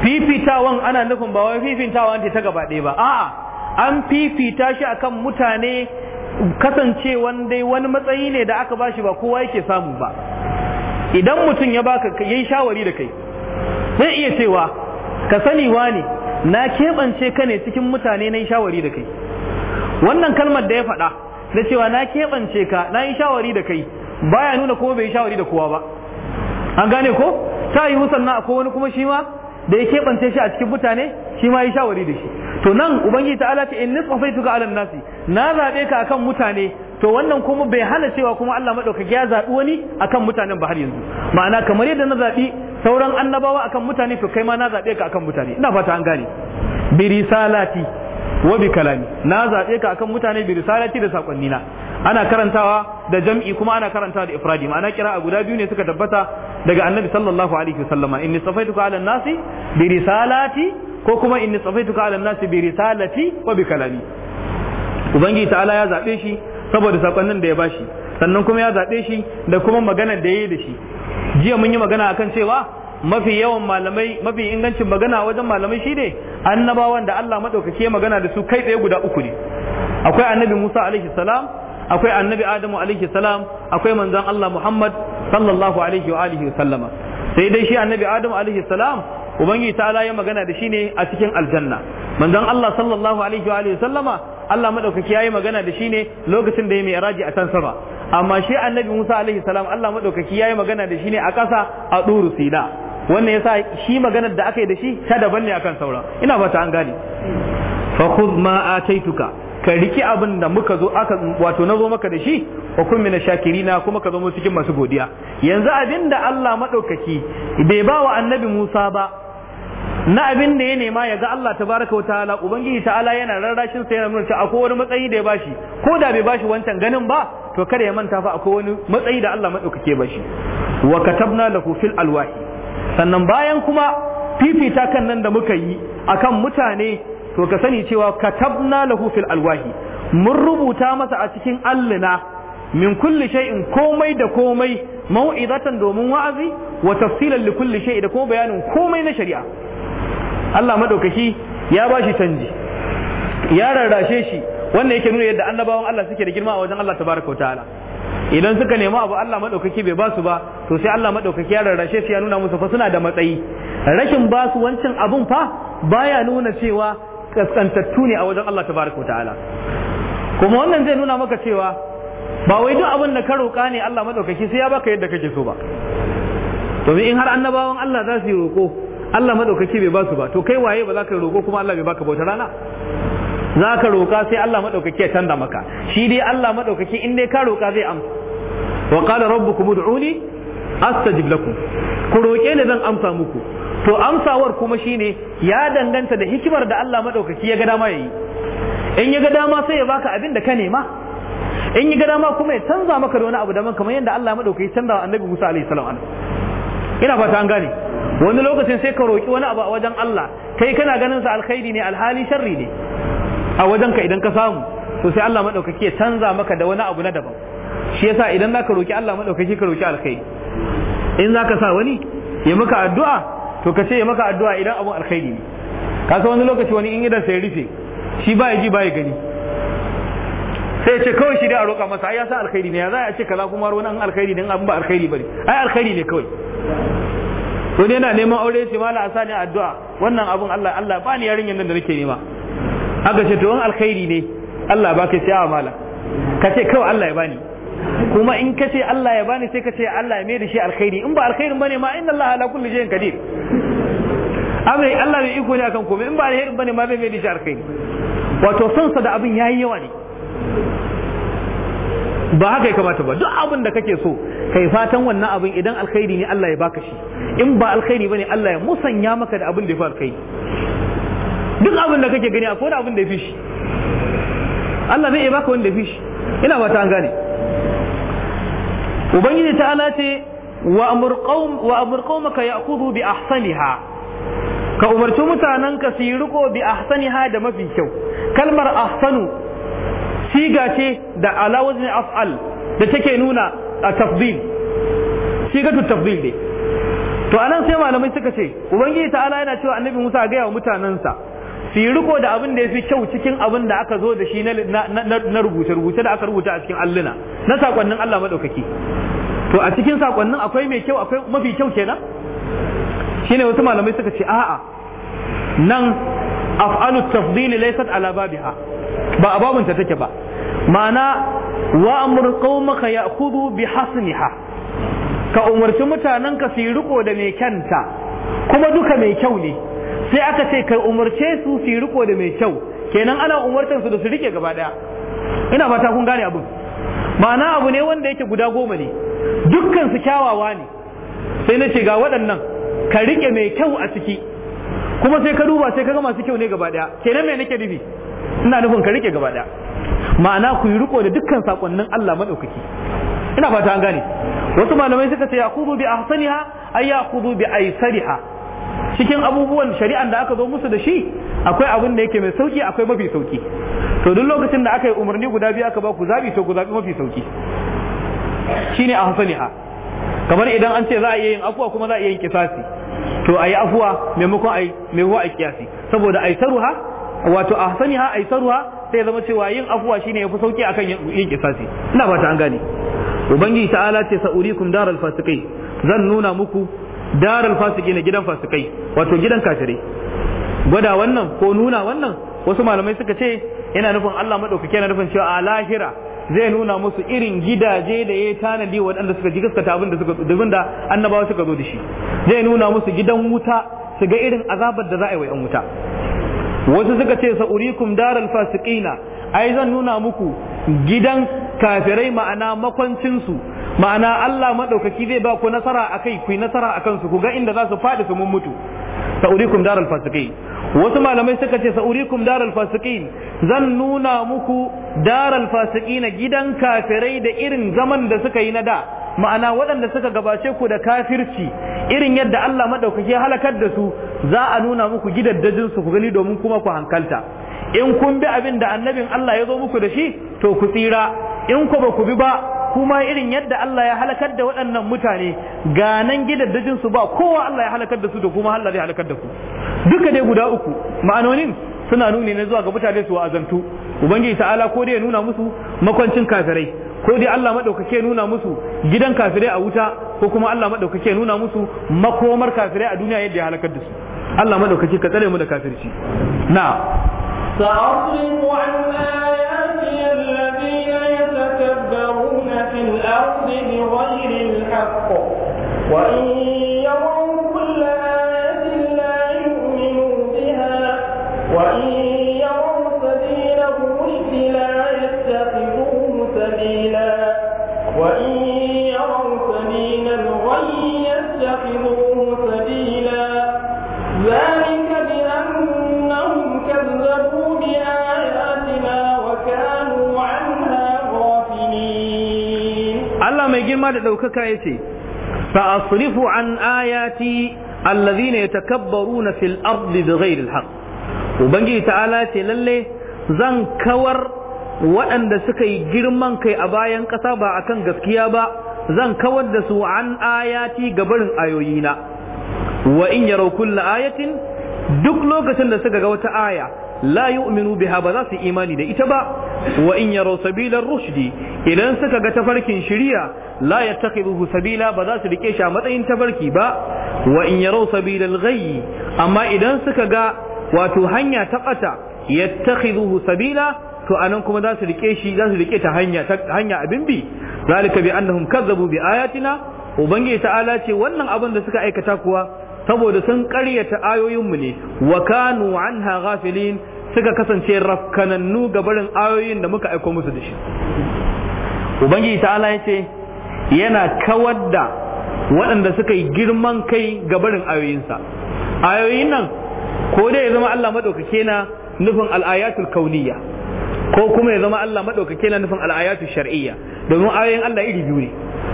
fifitawan ana nufin ba wai fifintawa ne ta gaba ɗaya ba a'a an fifita shi akan mutane kasancewan dai wani matsayi ne da aka bashi ba kowa yake samu ba idan mutum ya baka yi shawari da kai zai iya cewa ka sani wani na keɓance ka ne cikin mutane na yi shawari da kai wannan kalmar da ya faɗa da cewa na keɓance ka na yi shawari da kai baya nuna kuma bai yi shawari da kowa ba an gane ko ta yi musanna akwai wani kuma shi ma da ya keɓance shi a cikin mutane shi ma yi shawari da shi to nan ubangiji ala ce in nisfafaituka alan nasi na zaɓe ka akan mutane to wannan kuma bai hana cewa kuma Allah madaukaki ya zaɓi wani akan mutanen ba har yanzu ma'ana kamar yadda na zaɓi sauran annabawa akan mutane to kai ma na zaɓe ka akan mutane ina fata an gane bi risalati wa bi kalami na zaɓe ka akan mutane bi risalati da sakonni na ana karantawa da jam'i kuma ana karantawa da ifradi ma'ana kira a guda biyu ne suka tabbata daga annabi sallallahu alaihi wasallama inni safaituka ala nasi bi risalati ko kuma inni safaituka ala nasi bi risalati wa bi kalami ubangiji ta'ala ya zaɓe shi saboda sakonnin da ya bashi sannan kuma ya zaɓe shi da kuma magana da ya yi da shi jiya mun yi magana akan cewa mafi yawan malamai mafi ingancin magana wajen malamai shine annabawan da Allah madaukake magana da su kai tsaye guda uku ne akwai annabi Musa alaihi salam akwai annabi Adamu alaihi salam akwai manzon Allah Muhammad sallallahu alaihi wa alihi wa sallama sai dai shi annabi Adamu alaihi salam ubangiji ta'ala ya magana da shi ne a cikin aljanna manzon Allah sallallahu alaihi wa alihi wa sallama Allah madaukaki yayi magana da shi ne lokacin da ya mi'raji a can sama amma shi annabi Musa alaihi salam Allah madaukaki yayi magana da shi ne a ƙasa a duru sina wannan yasa shi maganar da aka yi da shi ta daban ne akan saura. ina fata an gane fa khudh ma ataituka ka riki abin da muka zo aka wato na zo maka da shi wa kun mina shakirina kuma ka zama cikin masu godiya yanzu abin da Allah madaukaki bai ba wa annabi Musa ba na abin da ya nema ya ga Allah baraka wa ta'ala ubangiji ta'ala yana rarrashin sa yana nuna cewa akwai wani matsayi da ya bashi ko da bai bashi wancan ganin ba to kada ya manta fa akwai wani matsayi da Allah madaukake bashi wa katabna lahu fil alwahi sannan bayan kuma fifita kan nan da muka yi akan mutane to ka sani cewa katabna lahu fil alwahi mun rubuta masa a cikin allina min kulli shay'in komai da komai mau'izatan domin wa'azi wa tafsilan li kulli shay'i da kuma bayanin komai na shari'a Allah madaukaki ya bashi canji ya rarrashe shi wannan yake nuna yadda annabawan Allah suke da girma a wajen Allah tabaraka ta'ala idan suka nemi abu Allah madaukaki bai basu ba to sai Allah madaukaki ya rarrashe su ya nuna musu fa suna da matsayi rashin basu wancan abun fa baya nuna cewa kaskantattu ne a wajen Allah tabaraka ta'ala kuma wannan zai nuna maka cewa ba wai duk abin da ka roƙa ne Allah madaukaki sai ya baka yadda kake so ba to in har annabawan Allah za su yi roƙo Allah madaukaki bai ba su ba to kai waye ba za ka roƙo kuma Allah bai baka bauta rana za ka roƙa sai Allah madaukaki ya canza maka shi dai Allah madaukaki in dai ka roƙa zai amsa wa qala rabbukum ud'uni astajib lakum ku roƙe ni zan amsa muku to amsawar kuma shine ya danganta da hikimar da Allah madaukaki ya ga dama yayi in ya ga dama sai ya baka abin da ka nema in yi gada ma kuma ya canza maka da wani abu daban kamar yadda Allah madaukaki canza wa annabi Musa alaihi salam ina fata an gane wani lokacin sai ka roki wani abu a wajen Allah kai kana ganin sa alkhairi ne alhali sharri ne a wajen ka idan ka samu to sai Allah madaukaki ya canza maka da wani abu na daban shi yasa idan zaka roki Allah madaukaki ka roki alkhairi in zaka sa wani ya maka addu'a to ka ce ya maka addu'a idan abun alkhairi ne ka wani lokaci wani in idan sai rufe shi ba ya ji ba ya gani sai ce kawai shi dai a roƙa masa ya sa alkhairi ne ya za a ce kaza kuma ruwan an alkhairi ne an ba alkhairi bari ai alkhairi ne kawai to ne yana neman aure shi mala asa ne addu'a wannan abun Allah Allah ba ni yarinyar nan da nake nema aka ce to an alkhairi ne Allah ba ka sai a mala ka ce kawai Allah ya bani kuma in ka ce Allah ya bani sai ka ce Allah ya mai da shi alkhairi in ba alkhairin bane ma inna Allah ala kulli shay'in qadir amai Allah bai iko ne akan komai in ba alkhairin bane ma bai mai da shi alkhairi wato son sa da abin yayi yawa ne ba haka ya kamata ba duk abin da kake so kai fatan wannan abin idan alkhairi ne Allah ya baka shi in ba alkhairi bane Allah ya musanya maka da abin da ya fi alkhairi duk abin da kake gani akwai wani abin da ya fi shi Allah zai iya baka wanda ya fi shi ina ba ta gane ubangiji ala ce wa amur qaum wa amur qaumaka ya'khudhu bi ahsaniha ka umarci ka su yi riko bi ahsaniha da mafi kyau kalmar ahsanu siga ce da ala wazni af'al da take nuna a tafdil sigatu tafdil ne to anan sai malamai suka ce ubangiji ta'ala yana cewa annabi Musa ga yawa mutanansa su riko da abin da ya fi kyau cikin abin da aka zo da shi na rubuce-rubuce da aka rubuta a cikin alluna na sakonnin Allah maɗaukaki to a cikin sakonnin akwai mai kyau akwai mafi kyau kenan shine wasu malamai suka ce a'a nan af'alu tafdil laysat ala babiha ba a babunta take ba ma'ana wa maka qaumaka ya'khudhu bi hasniha ka umarci mutanen ka su riko da mai kyanta kuma duka mai kyau ne sai aka ce ka umarce su su riko da mai kyau kenan ana umartar su da su rike gaba daya ina fata kun gane abin ma'ana abu ne wanda yake guda goma ne dukkan su kyawawa ne sai na ce ga waɗannan ka rike mai kyau a ciki kuma sai ka duba sai ka ga masu kyau ne gaba daya kenan me nake nufi ina nufin ka rike gaba daya ma'ana ku yi riko da dukkan sakonnin Allah madaukaki ina fata an gane wasu malamai suka ce yaqubu bi ahsaniha ay yaqubu bi aisariha cikin abubuwan shari'an da aka zo musu da shi akwai abin da yake mai sauki akwai mafi sauki to duk lokacin da aka yi umarni guda biyu aka ba ku zabi to ku zabi mafi sauki shine ahsaniha kamar idan an ce za a iya yin afuwa kuma za a iya yin kisasi to ayi afuwa maimakon ayi maimakon a kiyasi saboda aisaruha wato ha aisaruha sai zama cewa yin afuwa shine yafi sauki akan yin kisasi ina ta an gane ubangiji ta'ala ce sa'urikum daral fasikai zan nuna muku daral fasiki ne gidan fasikai wato gidan kafirai gwada wannan ko nuna wannan wasu malamai suka ce yana nufin Allah madaukake yana nufin cewa a lahira zai nuna musu irin gidaje da ya tanadi waɗanda suka ji gaskata abin da suka dubin da annabawa suka zo da shi zai nuna musu gidan wuta su ga irin azabar da za a yi wa 'yan wuta wasu suka ce sa'urikum daral fasiqina ai zan nuna muku gidan kafirai ma'ana makwancinsu ma'ana Allah maɗaukaki zai ba ku nasara a kai ku nasara a kansu ku ga inda za su faɗi su mun mutu sa'urikum daral fasiqin wasu malamai suka ce sa'urikum daral fasiqin zan nuna muku daral fasiqina gidan kafirai da irin zaman da suka yi na da ma'ana waɗanda suka gabace ku da kafirci irin yadda Allah madaukake halakar da su za a nuna muku gidaddajin su ku gani domin kuma ku hankalta in kun bi abin da annabin Allah ya zo muku da shi to ku tsira in ku ba ku bi ba kuma irin yadda Allah ya halakar da waɗannan mutane ga nan gidaddajin ba kowa Allah ya halakar da su da kuma Allah zai halakar da ku duka dai guda uku ma'anonin suna nuni ne zuwa ga mutane su wa'azantu ubangiji ta'ala ko dai ya nuna musu makwancin kafirai ko dai Allah madaukake nuna musu gidan kafirai a wuta ko kuma Allah madaukake nuna musu makomar kafirai a duniya yadda ya halakar da su Allah madaukake ka tsare mu da kafirci na سأصرف عن آياتي الذين يتكبرون في الأرض بغير الحق وإن يروا كل وإن يروا سبيل الرشد لا mai girma da ɗaukaka ya ce fa a sulifu an ayati allazi ne ta kabbaru na fil'ar da zai ta'ala ce lalle zan kawar waɗanda suka yi girman kai a bayan ƙasa ba akan gaskiya ba zan kawar da su an ayati ga barin ayoyina wa in yarau kulla ayatin duk lokacin da suka ga wata aya la yu'minu biha ba za su imani da ita ba wa in yarau sabilar rushdi idan suka ga tafarkin shari'a la yattakhidhu sabila ba za su rike shi a matsayin tafarki ba wa in yarau sabilal ghayyi amma idan suka ga wato hanya ta bata yattakhidhu sabila to anan kuma za su rike shi za su rike ta hanya ta hanya abin bi zalika bi annahum kazzabu bi ayatina ubangiji ta'ala ce wannan abin da suka aikata kuwa saboda sun ayoyin ayoyinmu ne wa kanu anha ghafilin suka kasance rafkanannu ga barin ayoyin da muka aiko musu da shi ubangiji ta'ala yace ce yana kawar da waɗanda suka yi girman kai ga barin ayoyinsa ayoyin nan ko dai ya zama Allah maɗaukake na nufin al'ayatul kauniya ko kuma ya zama Allah madaukake na nufin al'ayatu shar'iyya domin ayoyin Allah iri biyu ne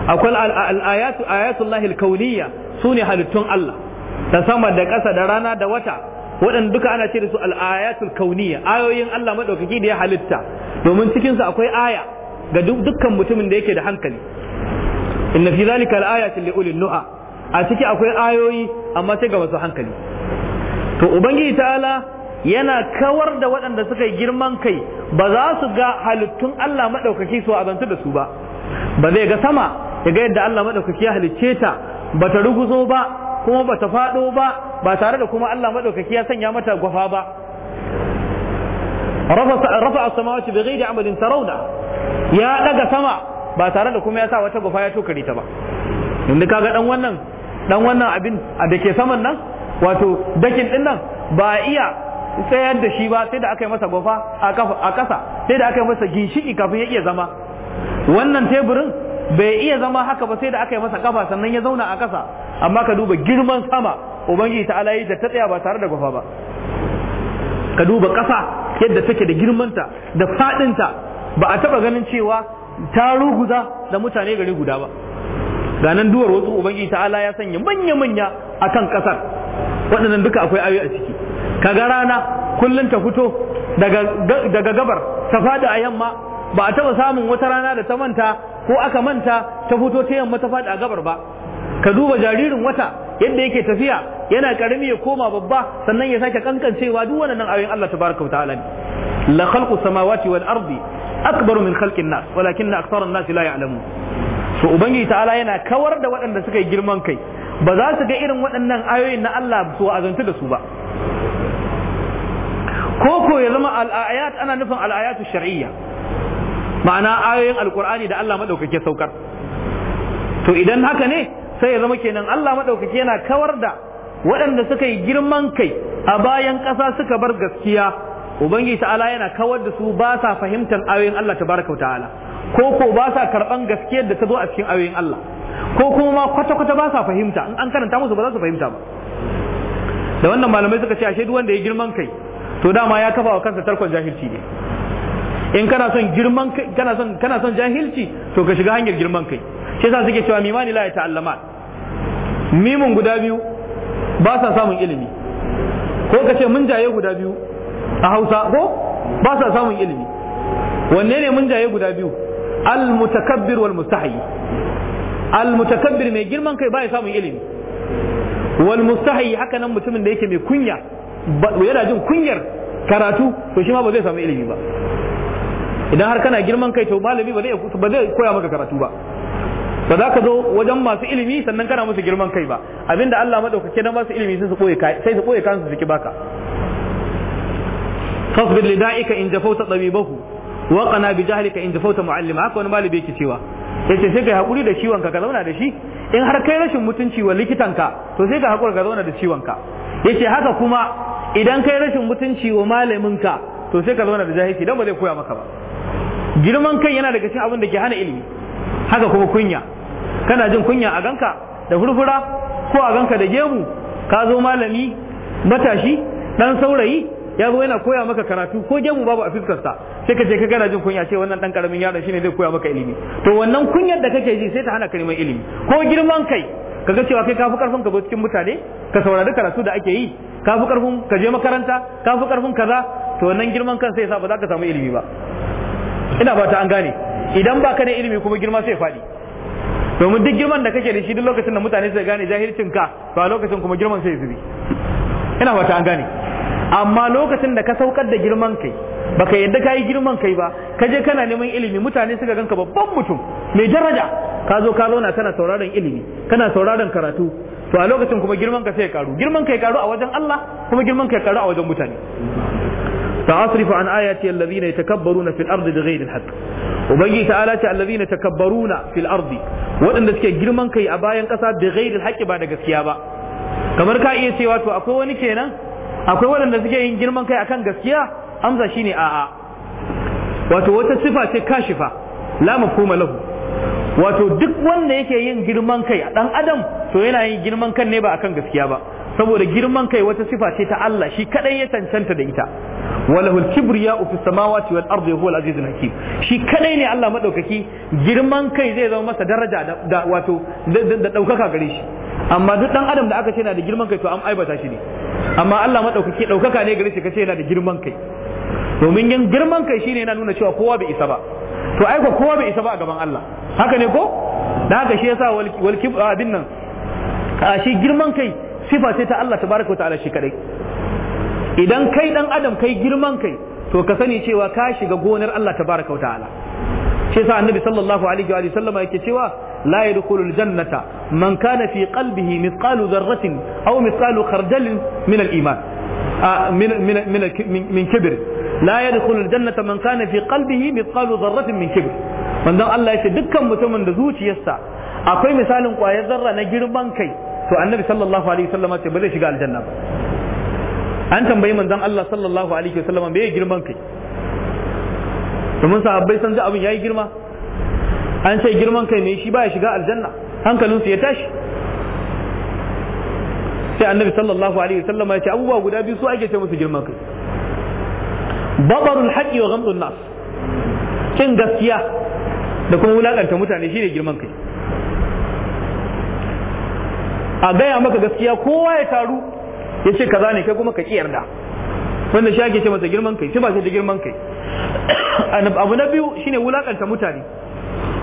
akwai al'ayatu ayatullahi al-kauniyya sune halittun Allah da sama da ƙasa da rana da wata waɗanda duka ana ce da su al'ayatu kauniyya ayoyin Allah madaukake da ya halitta domin cikin su akwai aya ga dukkan mutumin da yake da hankali inna fi zalika al'ayatul li ulil nu'a. a ciki akwai ayoyi amma sai ga masu hankali to ubangiji ta'ala yana kawar da waɗanda suka yi girman kai ba za su ga halittun Allah maɗaukaki su azantu da su ba ba zai ga sama ya ga yadda Allah maɗaukaki ya halicce ta ba ta ruguzo ba kuma ba ta faɗo ba ba tare da kuma Allah maɗaukaki ya sanya mata gwafa ba rafa as-samawati bi ghairi amalin tarawna ya daga sama ba tare da kuma ya sa wata gwafa ya tokare ta ba yanzu kaga dan wannan dan wannan abin da ke saman nan wato dakin din nan ba iya Sai yadda shi ba sai da aka yi masa gofa a kasa sai da aka yi masa ginshiki kafin ya iya zama wannan teburin bai iya zama haka ba sai da aka yi masa kafa sannan ya zauna a kasa amma ka duba girman sama ubangiji ta alayi da ta tsaya ba tare da gofa ba ka duba kasa yadda take da ta da ta ba a taba ganin cewa ta ruguza da mutane gari guda ba ganan duwar wasu ubangiji ta ala ya sanya manya-manya a kan kasar waɗannan duka akwai ayoyi a ciki kaga rana kullum ta fito daga gabar ta fada a yamma ba a taba samun wata rana da ta manta ko aka manta ta fito ta yamma ta fada a gabar ba ka duba jaririn wata yadda yake tafiya yana karami ya koma babba sannan ya sake kankancewa duk nan ayoyin Allah tabaraka wa ta'ala la khalqu samawati wal ardi akbaru min khalqin nas walakin aktsara nas la ya'lamun so ubangiji ta'ala yana kawar da waɗanda suka yi girman kai ba za su ga irin waɗannan ayoyin na Allah su azantu da su ba ko ko ya zama al'ayat ana nufin al'ayatu shari'iyya ma'ana ayoyin alqur'ani da Allah madaukake saukar to idan haka ne sai ya zama kenan Allah madaukake yana kawar da waɗanda suka yi girman kai a bayan ƙasa suka bar gaskiya ubangiji ta'ala yana kawar da su ba sa fahimtar ayoyin Allah tabaraka wa ta'ala ko ko ba sa karɓan gaskiyar da ta zo a cikin ayoyin Allah ko kuma ma kwata-kwata ba sa fahimta in an karanta musu ba za su fahimta ba da wannan malamai suka ce ashe duk wanda ya girman kai to dama ya kafa wa kansa tarkon jahilci ne in kana son girman kai kana son kana son jahilci to ka shiga hanyar girman kai shi yasa suke cewa mimani la ta'allama mimun guda biyu ba sa samun ilimi ko ka ce mun jaye guda biyu a Hausa ko ba sa samun ilimi wanne ne mun jaye guda biyu al mutakabbir wal mustahi al mutakabbir mai girman kai ba ya samun ilimi wal mustahi haka nan mutumin da yake mai kunya yana jin kunyar karatu to shi ma ba zai samu ilimi ba idan har kana girman kai to malami ba zai koya maka karatu ba ba za ka zo wajen masu ilimi sannan kana musu girman kai ba abinda Allah madaukake na masu ilimi sai su koye sai su koye kan su ki baka fasbir lida'ika in jafauta tabibahu wa qana bi jahlika in jafauta muallima haka wani malami yake cewa yace sai kai hakuri da ciwon ka ka zauna da shi in har kai rashin mutunci wa likitanka to sai ka hakura ka zauna da ciwonka yace haka kuma idan kai rashin mutunci wa malaminka to sai ka zauna da jahilci dan ba zai koya maka ba girman kai yana daga cikin abin da ke hana ilimi haka kuma kunya kana jin kunya a ganka da furfura ko a ganka da gemu ka zo malami matashi dan saurayi ya zo yana koya maka karatu ko gemu babu a fiskarsa sai ka je ka gana jin kunya ce wannan dan karamin yaron shine zai koya maka ilimi to wannan kunyar da kake ji sai ta hana ka neman ilimi ko girman kai kaga cewa kai kafi karfin ka zo cikin mutane ka saurari karatu da ake yi kafi karfin ka je makaranta kafi karfin kaza to wannan girman kan sai yasa ba za ka samu ilimi ba ina ba ta an gane idan ba ka da ilimi kuma girma sai faɗi domin duk girman da kake da shi duk lokacin da mutane su gane jahilcin ka to a lokacin kuma girman sai zubi ina ba ta an gane amma lokacin da ka saukar da girman kai baka yadda ka yi girman kai ba ka je kana neman ilimi mutane suka ganka babban mutum mai daraja ka zo ka zauna kana sauraron ilimi kana sauraron karatu to a lokacin kuma girman ka sai ya karu girman kai ya karu a wajen Allah kuma girman kai ya karu a wajen mutane an فأصرف عن آياتي الذين يتكبرون في الأرض بغير الحق وبنجي fil الذين يتكبرون suke girman kai a bayan كي أباين قصاد بغير الحق gaskiya ba. kamar ka iya cewa to akwai wani kenan akwai waɗanda suke yin girman kai akan gaskiya amsa shine a'a wato wata sifa ce kashifa la mafhuma lahu wato duk wanda yake yin girman kai a dan adam to yana yin girman kan ne ba akan gaskiya ba saboda girman kai wata sifa ce ta Allah shi kadai ya cancanta da ita walahu kibriya fi samawati wal ardi huwa al azizul hakim shi kadai ne Allah madaukaki girman kai zai zama masa daraja da wato da daukaka gare shi amma duk dan adam da aka ce yana da girman kai to an aibata shi ne amma Allah madaukake daukaka ne gare shi kace yana da girman kai domin yin girman kai shine yana nuna cewa kowa bai isa ba to ai ko kowa bai isa ba a gaban Allah haka ne ko dan haka shi yasa wal abin nan shi girman kai sifa ce ta Allah tabaraka wa ta'ala shi kadai idan kai dan adam kai girman kai to ka sani cewa ka shiga gonar Allah tabaraka wa ta'ala shi yasa annabi sallallahu alaihi wa sallama yake cewa la yadkhulu aljannata man kana fi qalbihi mithqalu dharratin aw mithqalu khardalin min al-iman ah, min min min kibr la yadkhulu aljannata man kana fi qalbihi mithqalu dharratin min kibr wannan Allah yace dukkan mutumin da zuciyarsa akwai misalin kwayar zarra na girman kai to annabi sallallahu alaihi wasallama ce ba zai shiga aljanna ba an tambayi manzon Allah sallallahu alaihi wasallama me girman kai domin sahabbai sun ji abin ya yi girma an ce girman kai ne shi ba ya shiga aljanna hankalinsu ya tashi sai annabi sallallahu alaihi wasallam ya ce abubuwa guda biyu su ake ce musu girman kai babarul haqqi wa ghamdun nas kin gaskiya da kuma wulakanta mutane shine girman kai a gaya maka gaskiya kowa ya taru ya ce kaza ne kai kuma ka ƙi yarda wanda shi ake ce masa girman kai shi ba shi da girman kai abu na biyu ne wulakanta mutane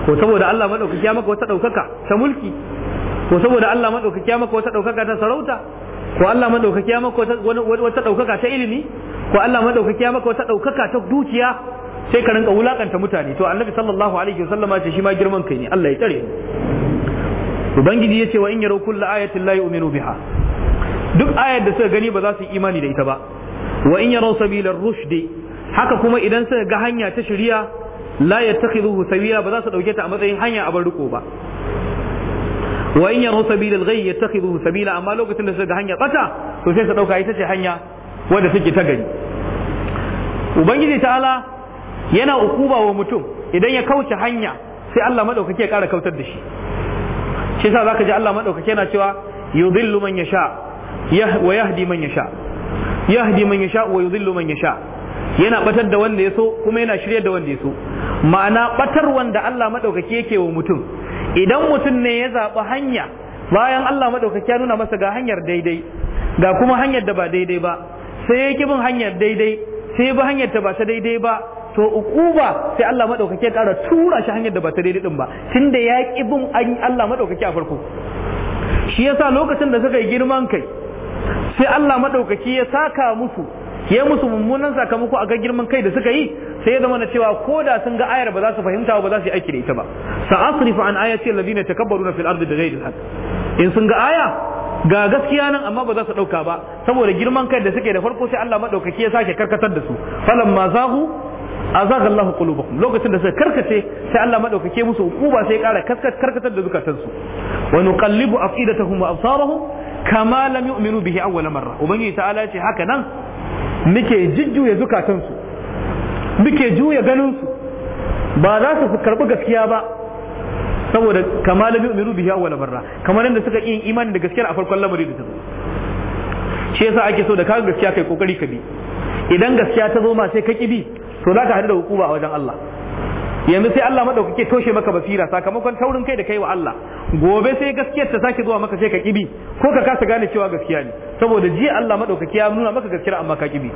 ko saboda Allah madaukaki ya maka wata ɗaukaka ta mulki ko saboda Allah madaukaki ya maka wata ɗaukaka ta sarauta ko Allah madaukaki ya maka wata ɗaukaka ta ilimi ko Allah madaukaki ya maka wata ɗaukaka ta dukiya sai ka rinka wulakanta mutane to annabi sallallahu alaihi wasallam ya ce shi ma girman kai ne Allah ya tare ubangiji ya ce wa in yarau kullu ayatin la yu'minu biha duk ayar da suka gani ba za su yi imani da ita ba wa in yarau sabilar rushdi haka kuma idan suka ga hanya ta shari'a la yattakhidhuhu sawiya ba za su dauke ta a matsayin hanya a bar riko ba wa in yaru sabila al-ghayy yattakhidhuhu sabila amma lokacin da suka ga hanya tsata to sai su dauka ita ce hanya wadda take ta gani. ubangiji ta'ala yana ukuba wa mutum idan ya kauce hanya sai Allah madaukake ya kara kautar da shi shi yasa zaka ji Allah madaukake yana cewa yudhillu man yasha wa yahdi man yasha yahdi man yasha wa yudhillu man yasha yana batar da wanda ya so kuma yana shirya da wanda ya so ma'ana batar wanda Allah maɗaukaki yake wa mutum idan mutum ne ya zaɓi hanya bayan Allah maɗaukaki ya nuna masa ga hanyar daidai ga kuma hanyar da ba daidai ba sai ya ki bin hanyar daidai sai ya bi hanyar ta ba ta daidai ba to uquba sai Allah maɗaukaki ya ƙara tura shi hanyar da ba ta daidai din ba tunda ya ki bin Allah maɗaukaki a farko shi yasa lokacin da suka yi girman kai sai Allah maɗaukaki ya saka musu ya musu mummunan sakamako a ga girman kai da suka yi sai ya zama na cewa ko da sun ga ayar ba za su fahimta ba za su yi aiki da ita ba sa asrifu an ayati alladhina takabbaruna fil ardi bighayri alhaq in sun ga aya ga gaskiya nan amma ba za su dauka ba saboda girman kai da suke da farko sai Allah madaukaki ya sake karkatar da su ma zahu azaga Allahu qulubakum lokacin da suka karkace sai Allah madaukake musu hukuma sai kara karkatar da zukatansu wa nuqallibu afidatahum wa absarahum kama lam yu'minu bihi awwala marra ubangiji ta'ala ce haka nan muke jujjuya zukatansu muke juya ganinsu ba za su karɓi gaskiya ba saboda kama labi umiru bihi awwala barra kamar yadda suka yin imani da gaskiya a farkon lamari da ta zo shi yasa ake so da ka gaskiya kai kokari ka bi idan gaskiya ta zo ma sai ka ki bi to za ka haɗu da hukuma a wajen Allah yanzu sai Allah madaukake toshe maka basira sakamakon taurin kai da kai wa Allah gobe sai gaskiyar ta sake zuwa maka sai ka kibi ko ka kasa gane cewa gaskiya ne saboda ji Allah madaukake ya nuna maka gaskiya amma ka kibi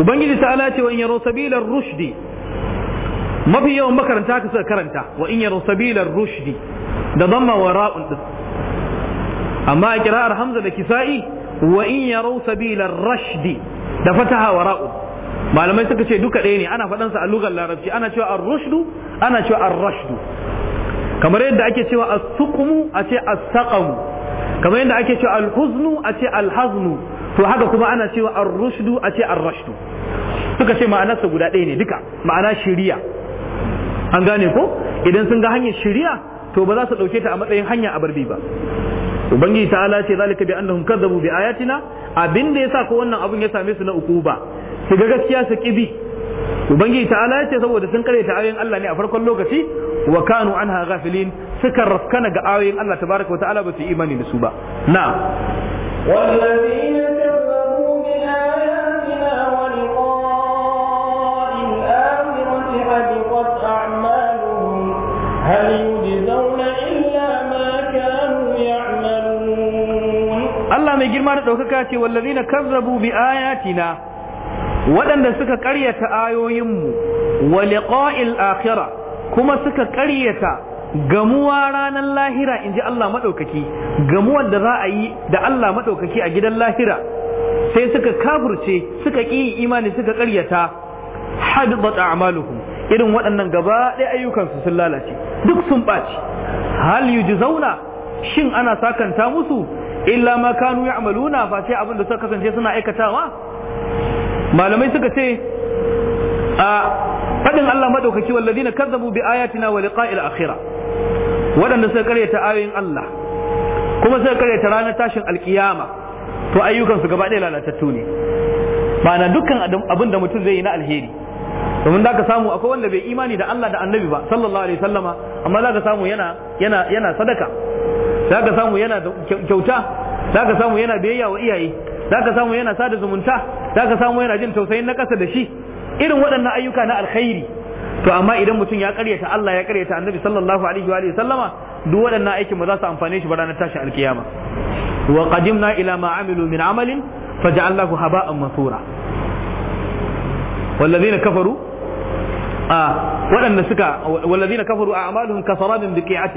ubangiji ta ala ce wa in yaro sabilar rushdi mafi yawan makaranta ka suka karanta wa in yaro sabilar rushdi da zama wa ra'un din amma a kira'ar hamza da kisa'i wa in yaro sabilar rashdi da fataha wa ra'un malamai suka ce duka ɗaya ne ana faɗansa a lugar larabci ana cewa an rushdu ana cewa an rashdu kamar yadda ake cewa a suqmu a ce a saƙamu kamar yadda ake cewa alhuznu a ce alhaznu to haka kuma ana cewa an rushdu a ce an rashdu suka ce ma'anarsa guda ɗaya ne duka ma'ana shiriya an gane ko idan sun ga hanyar shiriya to ba za su ɗauke ta a matsayin hanya a barbi ba ubangiji ta'ala ce zalika bi annahum kadzabu bi ayatina abinda yasa ko wannan abun ya same su na uku ba. su ga gaskiya su kibi ubangiji ta'ala ya ce saboda sun kare ta ayoyin Allah ne a farkon lokaci wa kanu anha ghafilin suka raskana ga ayoyin Allah tabaraka wa ta'ala ba su imani da su ba na'am والذين كذبوا بآياتنا ولقاء الآخرة حبطت أعمالهم هل يجزون إلا waɗanda suka ƙaryata ayoyinmu wa liqa'il akhirah kuma suka ƙaryata gamuwa ranar lahira inji Allah madaukaki gamuwar da za a yi da Allah madaukaki a gidan lahira sai suka kafurce suka ƙi imani suka ƙaryata hadbat a'maluhum irin waɗannan gaba ɗaya ayyukansu sun lalace duk sun ɓaci hal yujzauna shin ana sakanta musu illa ma kanu ya'maluna fa sai abin da suka kasance suna aikatawa malamai suka ce a fadin Allah madaukaki walladina kazzabu bi ayatina wa liqa'il akhirah waɗanda suka karyata ayoyin Allah kuma suka karyata ranar tashin alkiyama to ayyukan su gaba ɗaya lalatattu ne ma'ana dukkan abin da mutum zai yi na alheri domin da ka samu akwai wanda bai imani da Allah da annabi ba sallallahu alaihi sallama amma za ka samu yana yana yana sadaka za ka samu yana da kyauta za ka samu yana biyayya wa iyaye za ka samu yana sada zumunta za ka samu yana jin tausayin na ƙasa da shi irin waɗannan ayyuka na alkhairi to amma idan mutum ya karyata Allah ya karyata annabi sallallahu alaihi wa sallama duk waɗannan aikin ba za su amfane shi ba ranar tashi alkiyama wa qadimna ila ma amilu min amalin faja'alnahu haba'an mansura والذين كفروا آه ولن سكا والذين كفروا أعمالهم كسراب بقيعة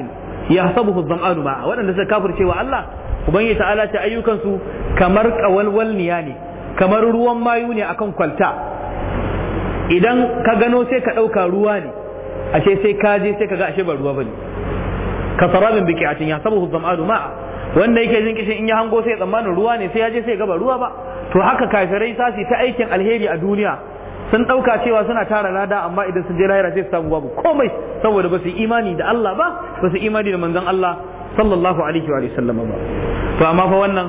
يهصبه الظمآن معه ولن سكا كافر شيء الله ubangiji ta'ala ta ayyukansu kamar ƙawalwalniya ne kamar ruwan mayu ne akan kwalta idan ka gano sai ka ɗauka ruwa ne ashe sai ka je sai ka ga ashe ba ruwa bane ka sarabin biki a ya sabu zam'adu ma wanda yake jin kishin in ya hango sai tsammanin ruwa ne sai ya je sai ga ba ruwa ba to haka kafirai sasi ta aikin alheri a duniya sun ɗauka cewa suna tara lada amma idan sun je lahira sai su samu babu komai saboda ba su imani da Allah ba ba su imani da manzon Allah sallallahu alaihi wa sallam ba to amma fa wannan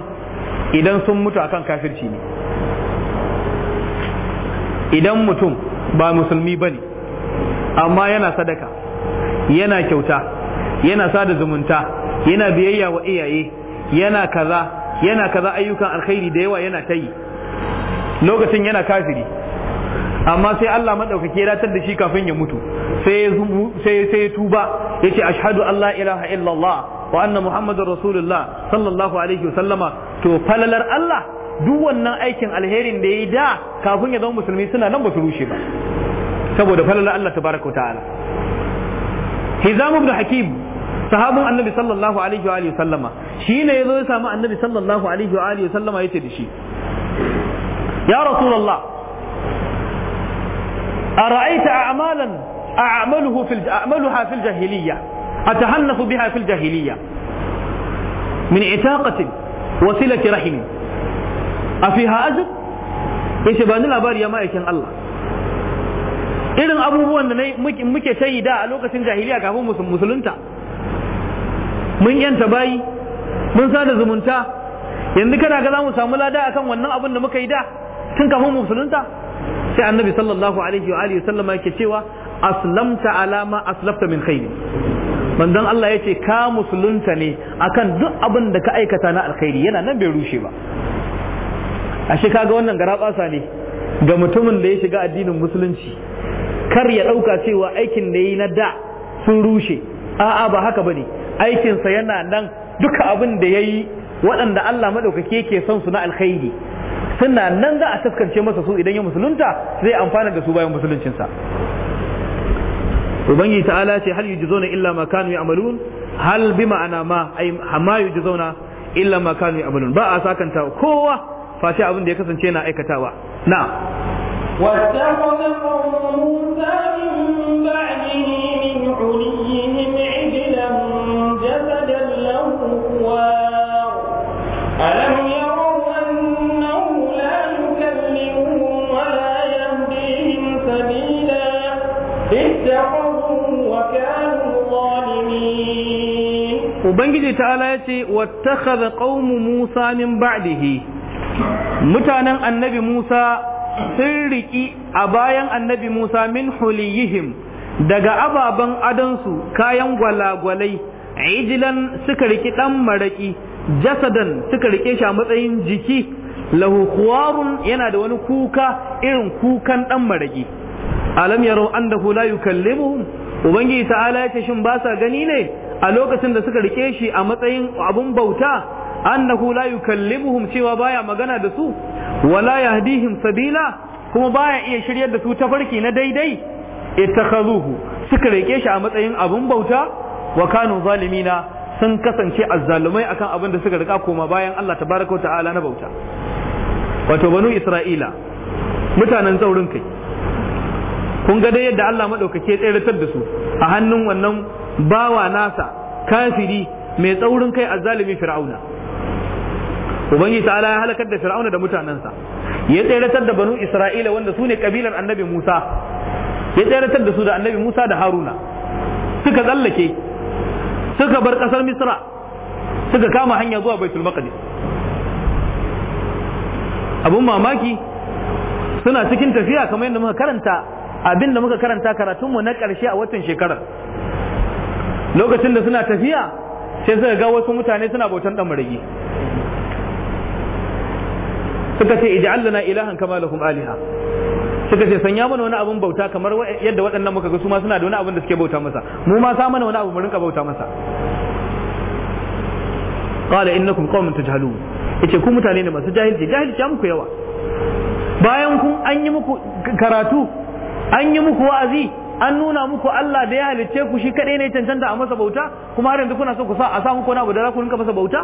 idan sun mutu akan kafirci ne idan mutum ba musulmi ba ne amma yana sadaka yana kyauta yana sada zumunta yana biyayya wa iyaye yana kaza yana kaza ayyukan alkhairi da yawa yana ta yi lokacin yana kafiri amma sai Allah maɗaukaki ya datar da shi kafin ya mutu sai ya tuba ya ce ashhadu an la ilaha illallah wa anna muhammadar rasulullah sallallahu alaihi wa sallama to falalar Allah duk wannan aikin alherin da ya yi da kafin ya zama musulmi suna nan ba su rushe ba saboda falalar Allah tabaraka ta'ala Hizam ibn Hakim sahabun annabi sallallahu alaihi wa sallama shine yazo ya samu annabi sallallahu alaihi wa alihi sallama yace da shi ya rasulullah ara'aita a'malan a'maluhu fil a'maluha fil jahiliyya أتحنث بها في الجاهلية من عتاقة وصلة رحم أفيها أجر yace ba ni labari ya ma'aikin Allah irin abubuwan da muke ta da a lokacin jahiliya kafin musulunta mun yanta bayi mun sada zumunta yanzu kada ga za mu samu lada akan wannan abin da muka yi da tun kafin musulunta sai annabi sallallahu alaihi wa sallama yake cewa aslamta alama, ma aslafta min khairi manzon Allah ya ce ka musulunta ne akan duk abin da ka aikata na alkhairi yana nan bai rushe ba ashe kaga wannan garaɓasa ne ga mutumin da ya shiga addinin musulunci kar ya ɗauka cewa aikin da yi na da sun rushe a'a ba haka ba ne aikinsa yana nan duka abin da ya yi waɗanda Allah maɗaukaki yake son su na alkhairi suna nan za a taskance masa su idan ya musulunta zai amfana da su bayan musuluncinsa ubangiji ta'ala ce hal yujzauna illa ma kanu ya'malun hal bi ma'ana ma ay amma yujzauna illa ma kanu ya'malun ba a sakanta kowa face abin da ya kasance na aikatawa na'am واتخذ قوم ubangiji ta'ala ya ce kaza musa min ba'dihi mutanen annabi musa sun riƙi a bayan annabi musa min huliyihim daga ababen adansu kayan gwalagwalai ijilan suka riƙi ɗan maraƙi, jasadan suka rike shi a matsayin jiki lahu yana da wani kuka irin kukan ɗan maraƙi alam yaro annahu la yukallimuhum ubangiji ta'ala ya ce shin ba sa gani ne a lokacin da suka rike shi a matsayin abun bauta annahu la yukallimuhum cewa baya magana da su wala yahdihim sabila kuma baya iya shiryar da su ta farki na daidai ittakhazuhu suka rike shi a matsayin abun bauta wa kanu zalimina sun kasance azzalumai akan abin da suka rika koma bayan Allah tabaraka wa ta'ala na bauta wato banu isra'ila mutanen tsaurin kai kun ga dai yadda Allah madaukake ya tseratar da su a hannun wannan bawa nasa kafiri mai tsaurin kai azzalimi fir'auna ubangiji ta'ala ya halakar da fir'auna da mutanensa ya tseratar da banu isra'ila wanda su ne kabilar annabi musa ya tseratar da su da annabi musa da haruna suka tsallake suka bar kasar misra suka kama hanya zuwa baitul maqdis abun mamaki suna cikin tafiya kamar yadda muka karanta abin da muka karanta karatunmu na ƙarshe a watan shekarar lokacin da suna tafiya sai suka ga wasu mutane suna bautan dan marigi suka ce ij'al lana ilahan kama lahum aliha suka ce sanya mana wani abun bauta kamar yadda waɗannan muka ga su ma suna da wani abun da suke bauta masa mu ma sa mana wani abu mu rinka bauta masa qala innakum qaumun tajhalun yace ku mutane ne masu jahilci jahilci muku yawa bayan kun an yi muku karatu an yi muku wa'azi an nuna muku Allah da ya halicce ku shi kadai ne cancanta a masa bauta kuma har yanzu kuna so ku sa a sa muku wani abu da za ku rinka masa bauta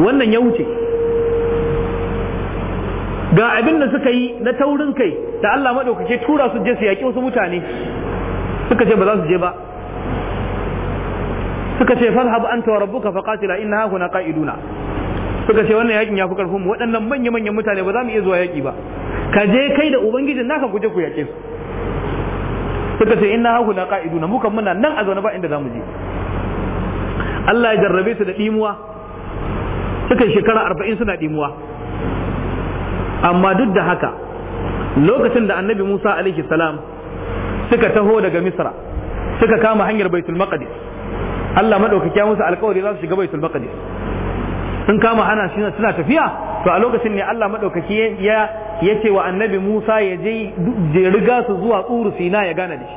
wannan ya wuce ga abin da suka yi na taurin kai da Allah madaukake tura su je su yaki wasu mutane suka ce ba za su je ba suka ce farhab anta wa rabbuka faqatila inna huna qa'iduna suka ce wannan yakin yafi karfin mu waɗannan manya manyan mutane ba za mu iya zuwa yaƙi ba ka je kai da ubangijin naka guje ku yake su suka ce inna hahu na ka'idu na muka muna nan a zaune ba inda zamu je Allah ya jarrabe su da dimuwa suka shekara 40 suna dimuwa amma duk da haka lokacin da annabi Musa alaihi salam suka taho daga Misra suka kama hanyar Baitul Maqdis Allah madaukaki ya musu alƙawari za su shiga Baitul Maqdis sun kama hana suna tafiya to a lokacin ne Allah madaukaki ya ya ce wa annabi Musa ya je je riga su zuwa tsuru Sina ya gana da shi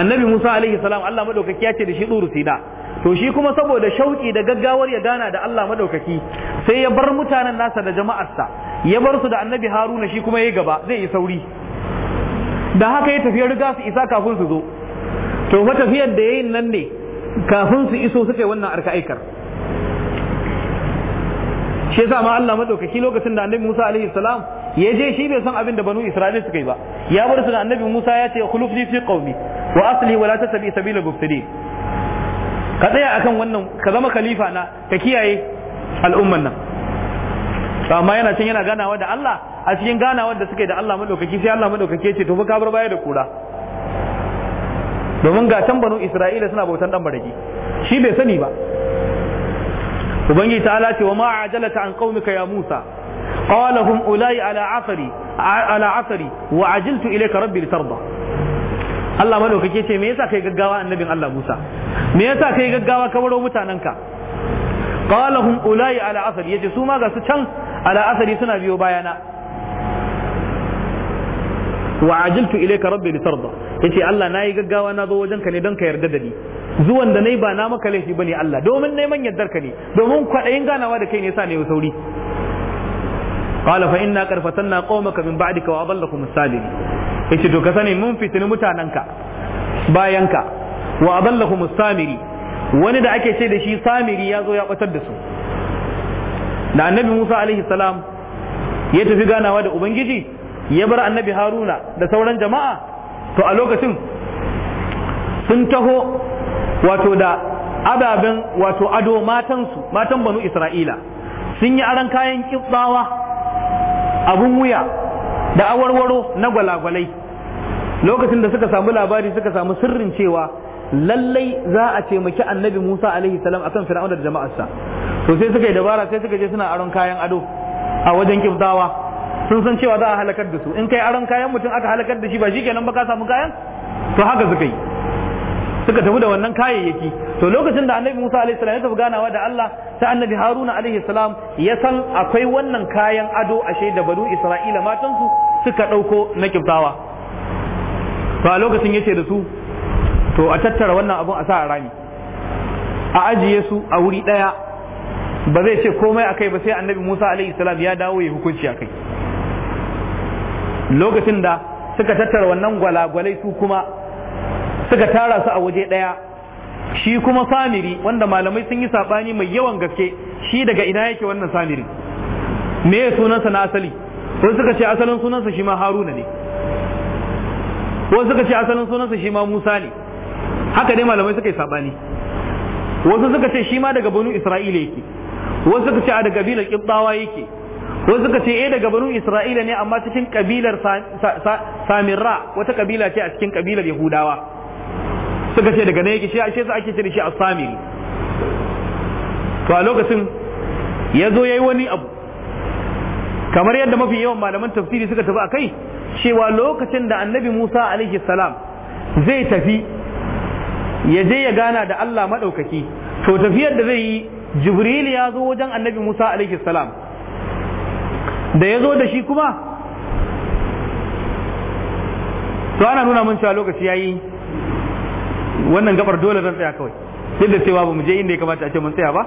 annabi Musa alaihi salam Allah madaukaki ya ce da shi tsuru Sina to shi kuma saboda shauki da gaggawar ya gana da Allah maɗaukaki. sai ya bar mutanen nasa da jama'arsa ya bar su da annabi Haruna shi kuma yayi gaba zai yi sauri da haka ya tafi riga su isa kafin su zo to tafiyar da yayin nan ne kafin su iso suka yi wannan aikar? shi yasa ma Allah madaukaki lokacin da annabi Musa alaihi salam ya je shi bai san abin da banu Isra'ila suka yi ba ya bar su da annabi Musa ya ce khulufni fi qaumi wa asli wa la tasabi sabila mubtadi ka tsaya akan wannan ka zama khalifa na ka kiyaye al'umman nan amma yana can yana ganawa da Allah a cikin ganawar da suka yi da Allah madaukaki sai Allah madaukaki ce to fa ka bar baya da kura domin ga can banu Isra'ila suna bautan dan baraki shi bai sani ba ta ala ce wa ma ta an qaumika ya musa qala hum ulai ala asari ala wa ajiltu ka rabbi litarda Allah madaukake ce me yasa yi gaggawa annabin Allah Musa me yasa yi gaggawa ka baro mutanenka qala hum ulai ala asari yace su ma ga su can ala asari suna biyo bayana wa ajiltu ilayka rabbi li tarda yace Allah nayi gaggawa na zo wajenka ka ne don ka yarda da ni zuwan da nayi ba na maka laifi bane Allah domin neman yardar ka ne domin kwadayin ganawa da kai ne yasa ne sauri qala fa inna qad fatanna min ba'dika wa adallakum salim yace to ka sani mun fitini mutananka bayanka wa adallakum wani da ake ce da shi samiri ya zo ya batar da su da annabi Musa alaihi salam ya tafi ganawa da ubangiji ya bar annabi haruna da sauran jama'a to a lokacin sun taho wato da ababen wato ado matansu matan banu isra'ila sun yi aran kayan kibbawa abun wuya da awarwaro na gwalagwalai lokacin da suka samu labari suka samu sirrin cewa lallai za a taimaki annabi musa alaihi salam akan fir'auna da jama'arsa to sai suka yi dabara sai suka je suna aron kayan ado a wajen kibdawa sun san cewa za a halakar da su in kai aron kayan mutum aka halakar da shi ba shi kenan ba ka samu kayan to haka suka yi suka tafi da wannan kayayyaki to lokacin da annabi Musa alaihi salam ya tafi ganawa da Allah sai annabi Haruna alaihi salam ya san akwai wannan kayan ado ashe da banu Isra'ila matansu suka ɗauko na kibtawa to a lokacin yace da su to a tattara wannan abun a sa a rami a ajiye su a wuri ɗaya ba zai ce komai akai ba sai annabi Musa alaihi salam ya dawo ya hukunci a kai. lokacin da suka tattara wannan gwalagwalai su kuma suka tara su a waje ɗaya shi kuma samiri wanda malamai sun yi saɓani mai yawan gaske shi daga ina yake wannan samiri me sunansa na asali wasu suka ce asalin sunansa shi ma haruna ne wasu suka ce asalin sunansa shi ma musa ne haka dai malamai suka yi saɓani wasu suka ce shi ma daga banu isra'ila yake wasu suka ce a daga bilar ƙibɗawa yake wasu suka ce eh daga banu isra'ila ne amma cikin kabilar samirra wata kabila ce a cikin kabilar yahudawa suka ce daga ne yake shi ake ce da shi as-samiri to a lokacin ya zo yayi wani abu kamar yadda mafi yawan malaman tafsiri suka tafi akai cewa lokacin da annabi Musa alaihi salam zai tafi ya je ya gana da Allah madaukaki to tafiyar da zai yi Jibril ya zo wajen annabi Musa alaihi salam da ya zo da shi kuma to ana nuna mun cewa lokaci yayi wannan gabar dole zan tsaya kawai duk da cewa ba mu je inda ya kamata a ce mun tsaya ba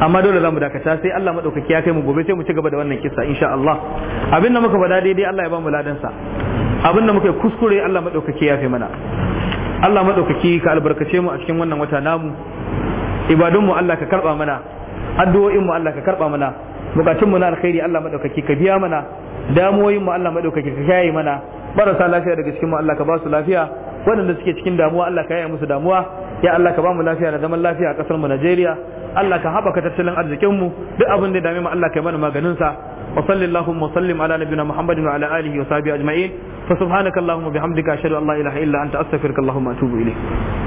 amma dole za mu dakata sai Allah madaukaki ya kai mu gobe sai mu ci gaba da wannan kisa insha Allah abin da muka faɗa daidai Allah ya ba mu ladan sa abin da muka kuskure Allah madaukaki ya kai mana Allah madaukaki ka albarkace mu a cikin wannan wata namu ibadun mu Allah ka karba mana addu'o'in mu Allah ka karba mana bukatun mu na alkhairi Allah madaukaki ka biya mana damuwoyin mu Allah madaukaki ka shaye mana barasa lafiya daga cikin mu Allah ka ba su lafiya waɗanda suke cikin damuwa Allah ka yaya musu damuwa ya Allah ka ba mu lafiya da zaman lafiya a kasar mu Najeriya Allah ka haɓaka tattalin arzikin mu duk abin da dame mu Allah ka yi mana maganin sa wa sallallahu wa sallim ala nabiyina Muhammadin wa ala alihi wa sahbihi ajma'in fa subhanaka allahumma bihamdika ashhadu an la ilaha illa anta astaghfiruka allahumma atubu ilayk